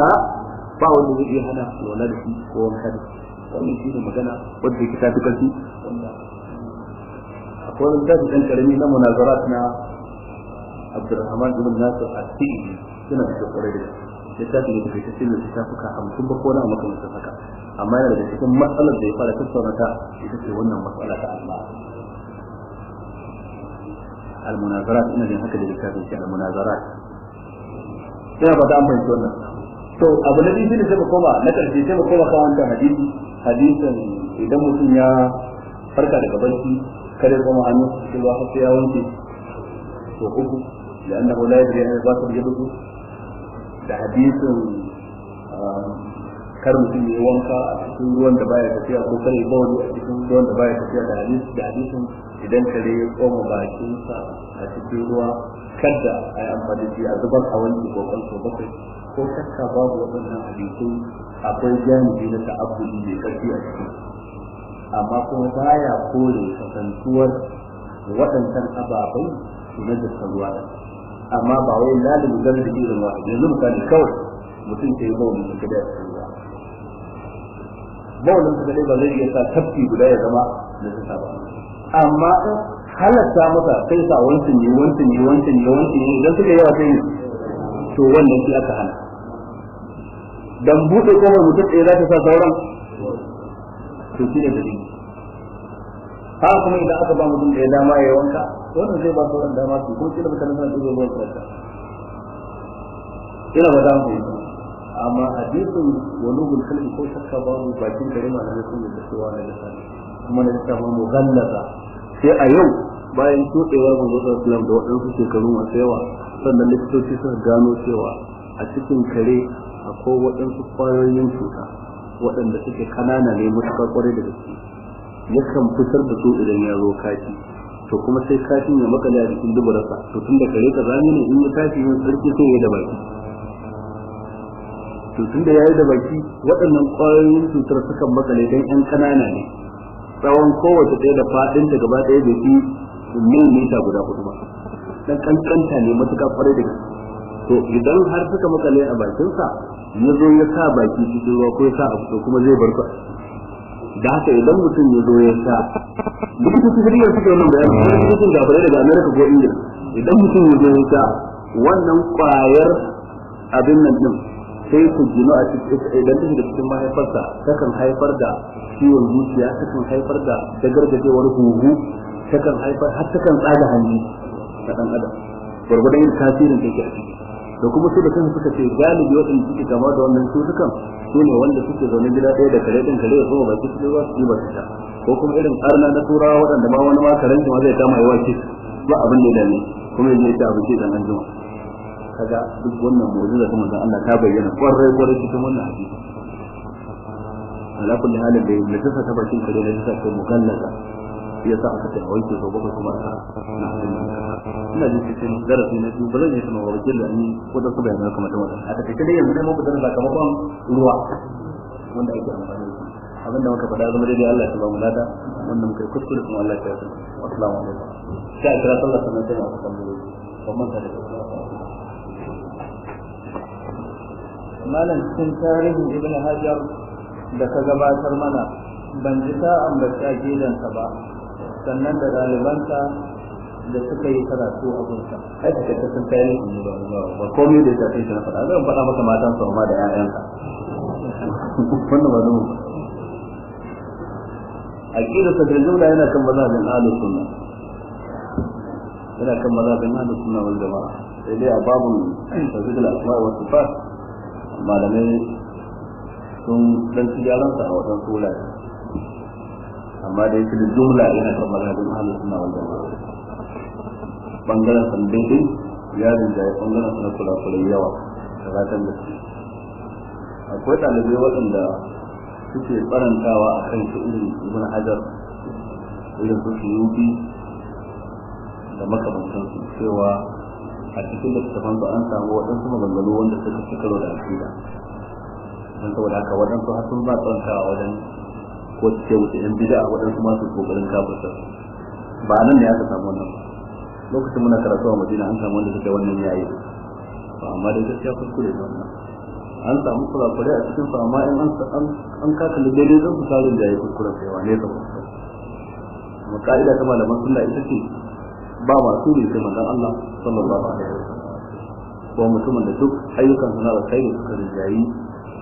Speaker 1: fa wa zai hana alwala da shi ko wannan shi ne magana wanda ke ta tukarci wanda akwai wani tafi ɗan karami na munazarat na Abdulrahman ibn Nasir As-Sidi suna da kokore da littafi ne da kai cikin da ta fuka hamsin ba ko na maka mutum haka amma yana da cikin matsalar da ya fara tattauna ta ita ce wannan matsala ta Allah al-munazarat ina jin haka da littafin shi al-munazarat ina ba ta amfani wannan to abu na biyu ne sai mu koma na karshe sai mu koma kan wannan hadisi hadisin idan mutum ya farka daga barci kada kuma hannun su cikin ruwa har sai ya wanke to uku da annahu la yadri an yabata yaduhu da hadisin ah, kar mutum ya wanka a cikin ruwan da baya tafiya ko kare bawani a cikin ruwan da baya tafiya da hadisi da hadisin idan kare ya koma bakinsa a cikin ruwa kada a yi amfani da shi a zubar a wanke ko kan so bakwai ko shakka babu waɗannan hadisin akwai jami'i na ta'abbuli mai ƙarfi a cikin amma kuma baya kore kasantuwar waɗancan ababai su na dukkan ruwa da amma ba wai lalin zan da irin wa yanzu ne kawai mutum ke yi bawulin su da ya ruwa bawulin su kada ba zai iya sa tafki guda ya zama da su ba amma in halatta masa sai sa wancan ne wancan ne wancan ne wancan ne idan suka yawa sai to wannan shi aka hana dan buɗe kofar mutum ɗaya za ta sa sauran to shi ne dalili ha kuma idan aka ba mutum da ya dama ya wanka wannan zai ba sauran dama su ko kila mutane suna dubo ruwan sarka ina ba za mu yi amma hadisin wani kalbi ko shakka mu bakin gari ma na zai sun da cewa na lissafi kuma na ba mu gallaza sai a yau bayan tutsewar manzo sallallahu da waɗansu shekaru masu yawa sannan likitoci suka gano cewa a cikin kare akwai waɗansu ƙwayoyin cuta waɗanda suke kanana ne matuƙar ƙwarai da gaske yakan fitar da su idan ya zo kati to kuma sai katin ya makale a jikin dubarsa to tun da kare ka zane ne in ya tashi yin sarki sai ya da baki to tun da ya yi da baki waɗannan ƙwayoyin cutar sukan makale don 'yan kanana ne tsawon kowace ɗaya da faɗin da gaba ɗaya da shi mita guda hudu ba dan kankanta ne matuƙa ƙwarai da gaske to idan har suka makale a bakinsa ya zo ya sa baki cikin ruwa ko ya sa a fito kuma zai bar ku da haka idan mutum ya zo ya sa likitoci cikin yi suka yi nan bayan cikin gabarai daga amerika ko ingila idan mutum ya zo ya sa wannan kwayar abin nan din sai su gina a cikin idan take da cikin mahaifarsa kan haifar da ciwon zuciya ta kan haifar da dagargajewar huhu kan haifar har kan tsaga hanji ta dan adam gwargwadon yin tasirin da yake a ciki da kuma su da kansu suka ce galibi wadanda suke kama da wannan cutukan su ne wanda suke zaune gida ɗaya da kare ɗin kare ya kuma baki su ba su yi ba ta ko kuma irin arna na turawa waɗanda ma wani ma karen ma zai kama yawa ce ba abin da ya dame kuma ya ce abinci dan an jima kaga duk wannan da kuma, manzon Allah ta bayyana kwarai kwarai cikin wannan hadisi ala kulli halin da ya tafa ta bakin kare da ta kai mukallaka shi cikin darasi malam cikin tarihin ibn hajar da ka gabatar mana ban ji ta ambaci a gidansa ba sannan da dalibanta da suka yi karatu a gunsa ai da kake sun kai ba komai da ya tafi na faɗa zan faɗa maka matan sa da ƴaƴanka wannan ba dubu aqida ta da jumla yana kan bin ahlus sunna yana kan maza mazhabin ahlus sunna wal jama'a sai dai a babun tawhid al asma wa sifat malamai sun dan tijaran sa a wajen sura amma dai su da jumla yana da mazhabin ahlus sunna wal jamaa bangaren san ya rinja ya bangaren sana kula-kulai yawa da ratan da su akwai talibai waɗanda suke tsarantawa a kan su irin ibn hajar irin su suyubi da makamantansu cewa a cikin littattafan ba an samu waɗansu maganganu wanda suka fi karo da akida don saboda haka waɗansu har sun ba tsarantawa wajen ko su ce wuce yan bid'a waɗansu masu kokarin kafirta ba nan ne aka samu wannan ba lokacin muna karatu a madina an samu wanda suka wannan yayi ba amma da gaskiya kuskure ne wannan an samu kurakure a cikin su amma in an kaka da daidai zan fita rin jaye kuskuren da yawa ne ta kuskure amma ka'ida ta malaman sunna ita ce ba masu ne sai manzon Allah sallallahu alaihi wasallam ko mutumin da duk ayyukan suna da kai da suka rinjayi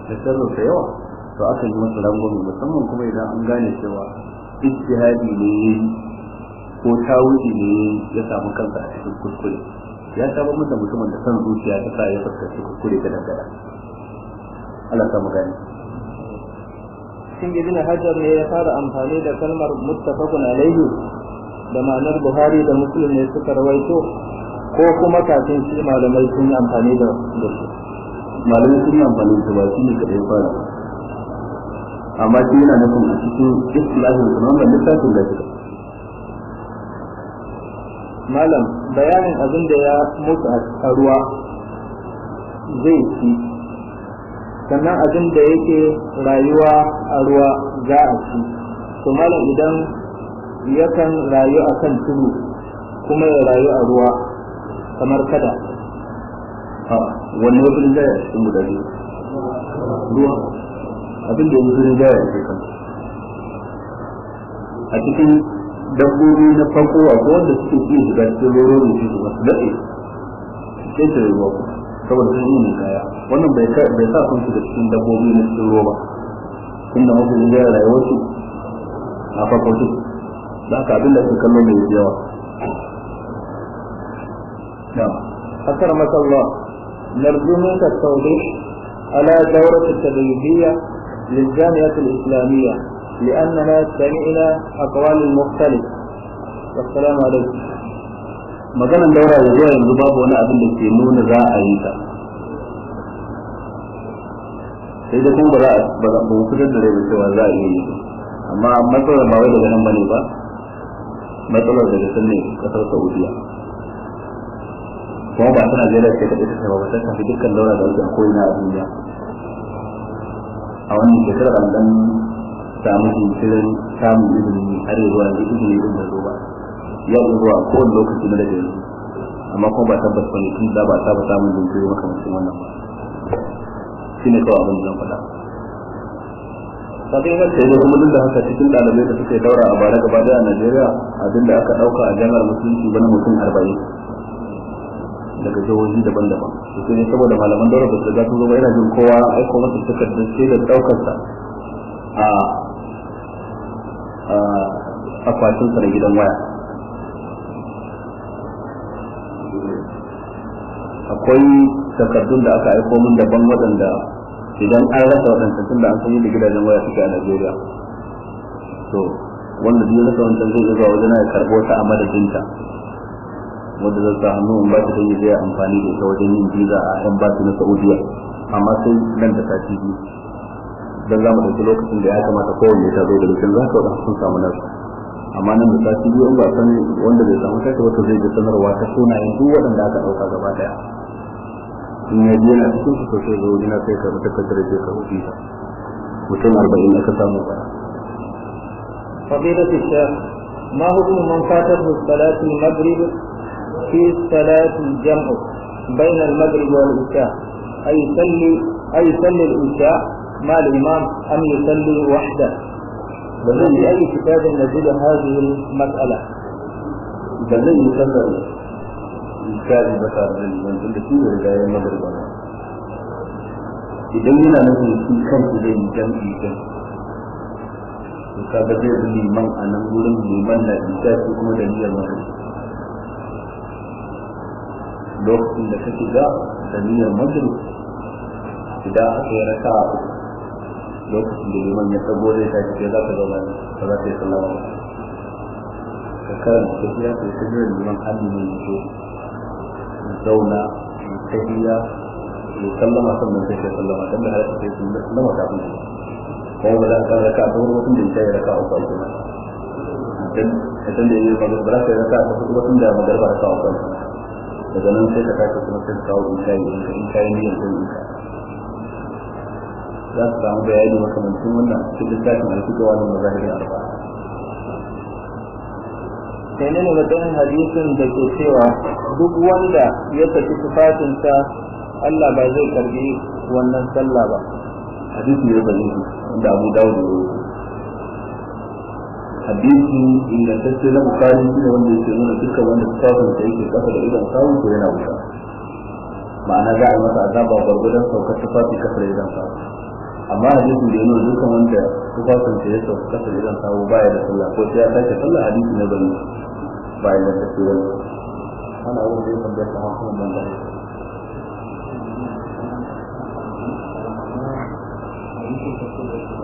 Speaker 1: da sharrin da yawa to aka yi masa rangwame musamman kuma idan an gane cewa ijtihadi ne ko tawuji ne ya samu kansa a cikin kuskure ya saba mutum mutumin da san zuciya ta sa ya fuskanci kuskure da dangada Allah ta gane shin ibn hajar ne ya fara amfani da kalmar muttafaqun alayhi da ma'anar buhari da muslim ne suka rawaito ko kuma kafin shi malamai sun yi amfani da su malamai sun yi amfani da su ba shi ne kadai fara amma shi yana nufin a cikin istilahin kuma wannan littafin da shi malam bayanin abin da ya mutu a ruwa zai ci sannan abin da yake rayuwa a ruwa za a ci to malam idan yakan rayu a kan tudu kuma ya rayu a ruwa kamar kada wani wajen fi zai a cikin guda ruwa abin da yanzu ne gaya yake kan a cikin dabbobi na farko a wanda suke iya shiga cikin loro da shi masu daɗe sai ta yi ruwa saboda sun yi kaya wannan bai sa sun shiga cikin dabbobi na cikin roba, ba tunda mafi yin gaya rayuwarsu a farko su da haka abin da ake kallo mai yawa أكرمك الله نرجو منك التوضيح على دورة تدريبية للجامعة الإسلامية لأننا سمعنا أقوال مختلف والسلام عليكم مثلا دورة يزوى ينضباب وانا أبن السيمون راء عيسى سيدة كون براء بوكتن دريب سوى راء عيسى أما مثلا ما ويدا جنم بني با مثلا ويدا سنين كثرة سعودية كون باعتنا جيلة سيدة إسلام في تلك اللورة دورة أبن أبنية a wannan shekarar an dan samu jinkirin samun izini har yi zuwa da izini din da zuwa ya yi zuwa kowane lokaci na daga yanzu amma kuma ba tabbas ba ne tun da ba saba samun jinkiri makamancin wannan ba shine kawai abin da zan faɗa kafin haka yanzu kuma duk da haka cikin ɗalibai da suka yi daura a bara gaba da a Najeriya abinda aka ɗauka a jami'ar musulunci wani mutum arba'in daga jihohi daban-daban su ne saboda malaman daura ba su ga sun ba yana jin kowa aiko masa takardun sai da daukarsa a akwatinsa na gidan waya akwai takardun da aka aiko min daban waɗanda idan an rasa waɗanda tun da an sanyi da gidajen waya suke a Najeriya to wanda duk rasa wancan zai zuwa wajen ya karɓo ta a madadinta wanda zan sa hannu in ba ta yi zai amfani da ita wajen yin visa a yan ba na Saudiya amma sai nan da sati biyu dan za mu ɗauki lokacin da ya kamata kowanne ta zo da rikin za ka wadansu sun samu nasu amma nan da sati biyu in ba san wanda bai samu sake wata zai ga sanarwa ta sunayen duk waɗanda aka ɗauka gaba ɗaya in ya je yana cikin su sosai zo wani na sai ka mutu kaddara je ka hudu ta mutum arba'in aka samu ba. فضيلة الشيخ ما حكم من فاته صلاة المغرب في الصلاة الجمع بين المغرب والعشاء أي يصلي أي يصلي العشاء مع الإمام أم يصلي وحده بل أي كتاب نجد هذه المسألة بل يصلي الكاذب بتاع المنزل كله إذا المغرب idan yana nufin shi kansu zai yi jam'i din to ka ba zai bi liman من nan gurin liman na isa lokacin da kake ga saniyar magrib idan aka yi raka lokacin da liman ya tsago zai tashi ke za ka zauna ba za ka yi salama ba ka karanta ta biya ka yi sajiyar liman hannu mai zo zauna ta biya ya sallama sannan sai ka sallama don da har ka yi sallama kafin ka ko ba za ka raka ta wani da ya raka a kenan idan da ya yi za ka yi raka ta kuma da magarba raka a daga nan sai ka tafi kuma sai ka kawo in kayi in in kayi niyyar zan yi za su samu bayani makamancin wannan cikin littafin alfikawa da mazahirin arba sai ne matsayin hadisin da ke cewa duk wanda ya tafi ta, Allah ba zai karbi wannan sallah ba hadisi ne ba zai wanda Abu Dawud ya hadisi ingantacce na bukari shi ne wanda yake nuna duka wanda tufafin da yake kasa da idan sawun ko yana wuta ma'ana za a masa azaba gwargwadon saukar tufafi kasa da idan sawun amma hadisi da ya nuna dukkan wanda tufafin da ya sauka kasa da idan sawun baya da sallah ko sai ya sake sallah hadisi na bane baya da tafiya ana yin da ya tambaya kamar kuma bangare
Speaker 2: Thank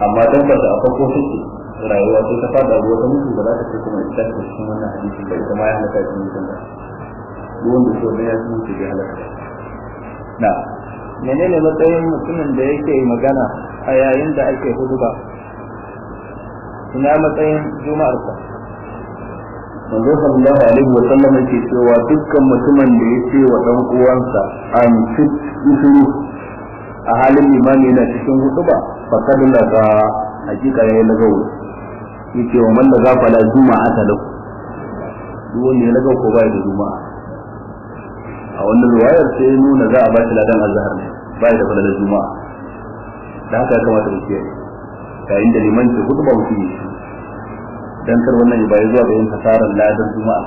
Speaker 1: amma dabbar da a farko take rayuwa sai ta fada ruwa ta mutu da za ta kuma ita ta shi wannan hadisi da ita ma ya halaka cikin mutum ba ruwan da so ne ya mutu da halaka na menene matsayin mutumin da yake magana a yayin da ake huduba ina matsayin juma'ar sa manzo sallallahu alaihi wa sallam yake cewa dukkan mutumin da ya ce wa dan uwansa an fit a halin limani na cikin hutuba? faqad laga hakika ya laga yace wa man laga fala a lahu duk wanda ya laga ko bai da juma'a a wannan riwayar sai nuna za a ba shi ladan azhar ne bai da falalar juma'a da haka ya kamata mu kiyaye yayin da liman ke hudu ba mutum ne dan kar wannan ya bai zuwa ga yin hasaran ladan juma'a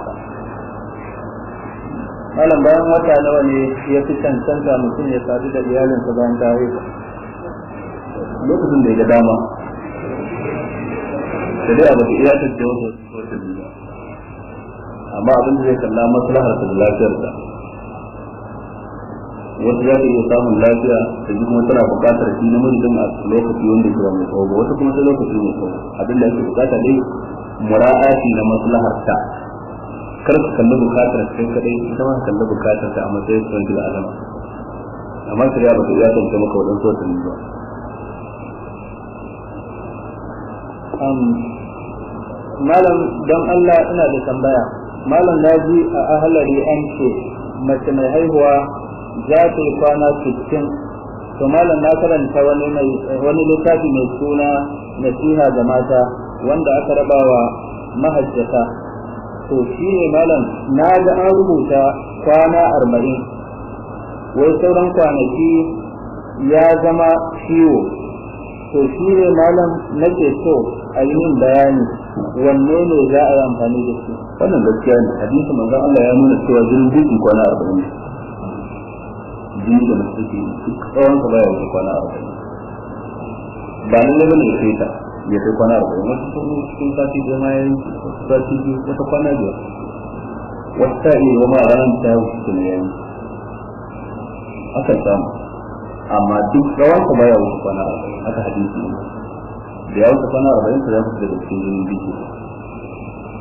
Speaker 1: malam bayan wata nawa ne ya fi cancanta mutum ya sadu da iyalinsa bayan ta haifa lokacin da ya dama da dai abu da iya tafiya wasu wata duniya amma abin da zai kalla maslahar da lafiyar ta wasu za ta iya samun lafiya da ji kuma tana buƙatar shi na mijin a lokaci wanda kira mai tsawo wasu kuma sai lokaci mai tsawo abin da ake buƙata dai mura'ati na maslahar ta kar ka kalli buƙatar kai kadai ita ma kalli buƙatar ta a matsayin sun da alama amma shari'a ba ta iya tantance maka waɗansu watanni ba malam don Allah ina da tambaya malam na ji a ahalari an ce mace mai haihuwa za ta yi kwana cikin to malam na karanta wani mai littafi mai suna nasiha ga mata wanda aka rabawa mahajjata to shi ne malam na ga an rubuta kwana arba'in wai sauran kwanaki ya zama ciwo to shi ne malam nake so a yi min bayani wanne ne za a yi amfani da shi wannan gaskiya ne hadisi manzon Allah ya nuna cewa jinin duki kwana arba'in jini da mutuki duk tsawon sa baya wuce kwana arba'in ba nan ne ya kai ta ya kai kwana arba'in wasu sun cikin sati da ma yayin sati biyu wata kwana biyar wata sa'i wa ma ranar ta wuce ne yayin akan samu amma duk rawar ka baya wuce kwana aka hadisi da ya wuce kwana arba'in ka za su daga cikin jinin biki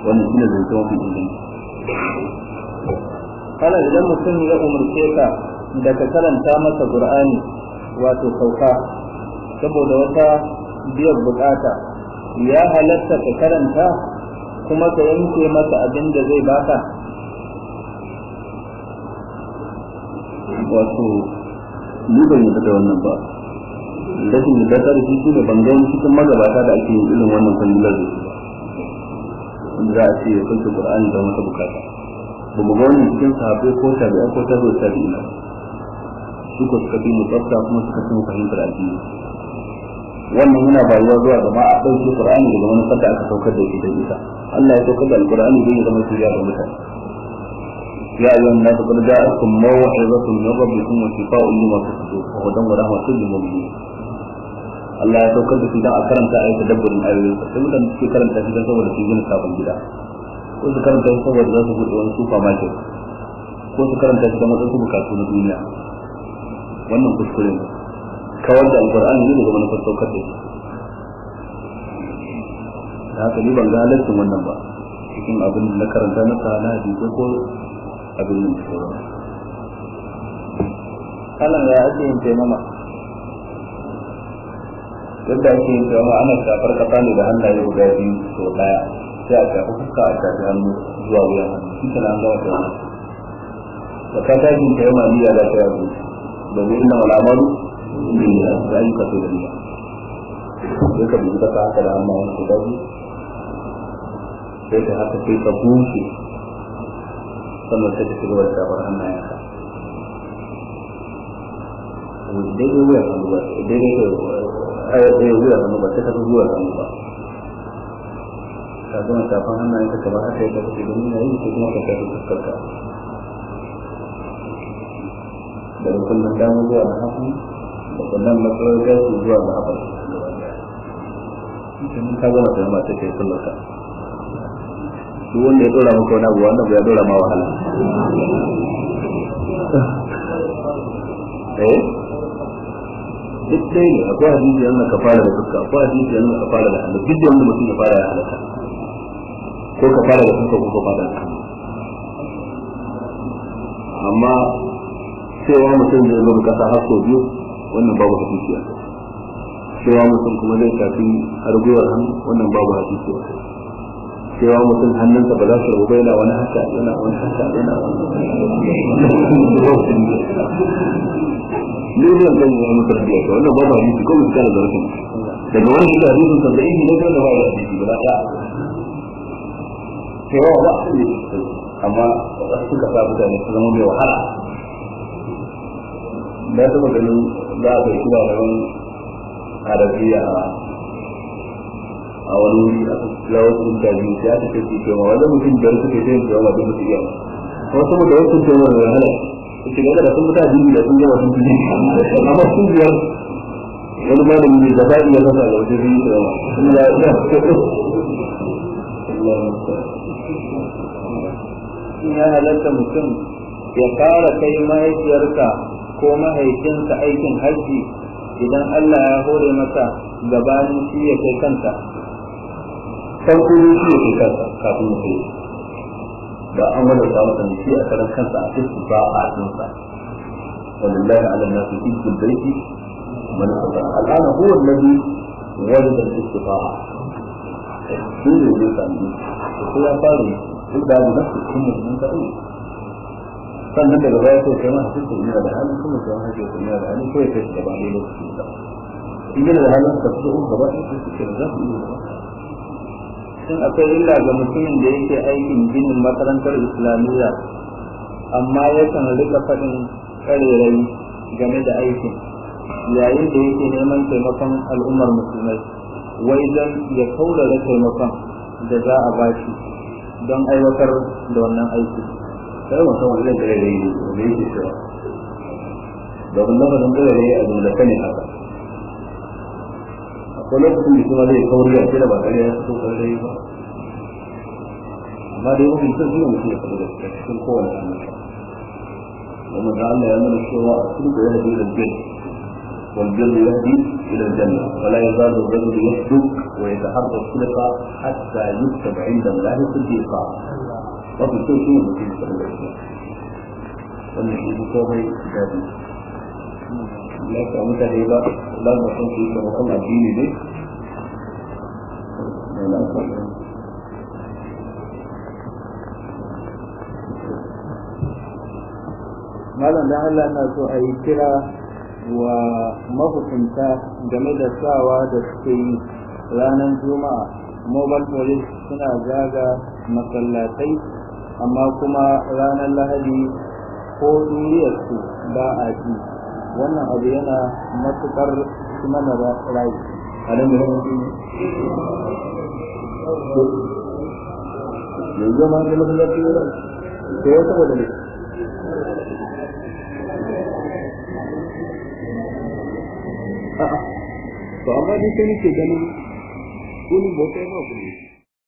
Speaker 1: wani shi zai zama fi inganci kana idan mutum ya umarce ka da ka karanta masa qur'ani wato sauka saboda wata biyar bukata ya halatta ka karanta kuma ka yanke masa abin da zai baka wato ni ban yarda da wannan ba rashin yarda da shi ne ban ga wani cikin magabata da ake yin irin wannan sallar da shi wanda za a ce ya sauke Qur'ani da wata bukata ba mu ga cikin sahabbai ko tabi'a ko tabi'a tabi'ina su ko suka fi mu tsafta kuma suka fi mu fahimtar addini wannan yana bayuwa zuwa gaba a ɗauke Qur'ani daga manufar fata aka saukar da shi da ita Allah ya saukar da Al-Qur'ani don ya zama shirya ga mutane يا أيها الناس قد جاءتكم موعظة من ربكم وشفاء لما في الصدور وهدى ورحمة للمؤمنين Allah ya saukar da shi don a karanta ayi tadabburin ayoyin sai mutan suke karanta shi dan saboda su gina sabon gida ko su karanta shi saboda za su buɗe wani supermarket ko su karanta shi dan wasu bukatu na duniya wannan kuskure ne kawar da alqur'ani ne daga manufar saukar da shi da haka ni ban ga halaccin wannan ba cikin abin da na karanta na na sana ko abin ya ake yin taimama yadda ake yin taimama ana shafar kasa ne da hannaye guda biyu daya sai a shafi fuska a shafi hannu zuwa wuyan hannu shi kana an gama taimama da ka taimama domin mal'amaru da sai ka haka da hannayen guda biyu sai ka haka sai ka sama sai ta ci daidai wuya hannu ba daidai wuya hannu ba ka zuwa hannu ba ka gama shafar hannayenka kamar haka ya tafi da yana yi ko kuma ka fuskarka daga kullum dama zuwa na hafi da matsalar gasu zuwa na hafi da duk wanda ya dora maka wani abu wanda ya dora ma wahala eh duk dai ne akwai hadisi yana ka fara da fuska akwai hadisi yana ka fara da hannu duk wanda mutum ya fara da halaka ko ka fara da fuska ko ka fara da amma cewa mutum zai zo kasa har sau biyu wannan babu hadisi cewa mutum kuma zai shafi har gwiwar hannu wannan babu hadisi a cewa mutum hannunsa ba za su rabu bai wani hasha yana wani hasha yana wani ne zan kan yi mutar biya ta wannan babu hadisi ko mutum kana zarafin daga wani shi da hadisin sa da yi ne kan da ba ya hadisi ba ta cewa ba amma suka sa mutane su zama mai wahala na taɓa ganin za a ɗauki labarin arabiya a wani wuri aka lawo kun da biyu sai aka ce ke ma wannan mutum da suke yin jama'a duk mutum ya ko saboda wasu jama'a da wahala suke ga da sun mutu a duniya sun jama'a sun duniya amma sun biyar wani malami ne da ba iya zama da wajen yin jama'a sun ya ina ya halatta mutum ya fara kai mahaifiyarka ko mahaifinsa aikin hajji idan Allah ya hore masa gabanin shi ya kai kanta farko ne shi yake kansa kafin ya kai da an wanda ta masa shi a karan kansa a cikin ba a dinsa walillahi ala nasu ibn baiti man sabba al'ana huwa alladhi wajada al-istifa'a shi ne zai sami ko ya fara duk da da nasu kuma mun kaɗai sannan daga baya sai kai ma a cikin yana da halin kuma sai wani ke yana da halin ko ya kai gaba ɗaya lokacin da in yana da halin ka fito gaba ɗaya sai ka ce za ku yi Sun akwai illa ga mutumin da yake aikin ginin makarantar islamiyya amma yakan rika faɗin ƙarerai game da aikin yayin da yake neman taimakon al'ummar musulmai wai don ya kaurara taimakon da za a bashi don aiwatar da wannan aiki sai mutum zai da yake cewa a haka ko kuma zai kauri a kira ba kare ya fito kare ba amma dai wani sun suna da cikin kowane ومن تعالى يعمل الشراء السلوك يهدي الى الجنه والبر يهدي الى الجنه فلا يزال الرجل يصدق ويتحرك الخلقه حتى يكتب عند الله صديقا وفي كل شيء يكتب عند الله ومن في قومي كتابه malam da Allah na so a yi kira wa mahukunta game da sawa da suke yi ranar juma'a mobile police suna zaga masallatai amma kuma ranar lahadi ko duniyarsu ba a ji wannan abu yana matukar kuma na rai a nan da yanzu yanzu ma ya saboda ne
Speaker 2: to amma dai sai nake ganin wani ma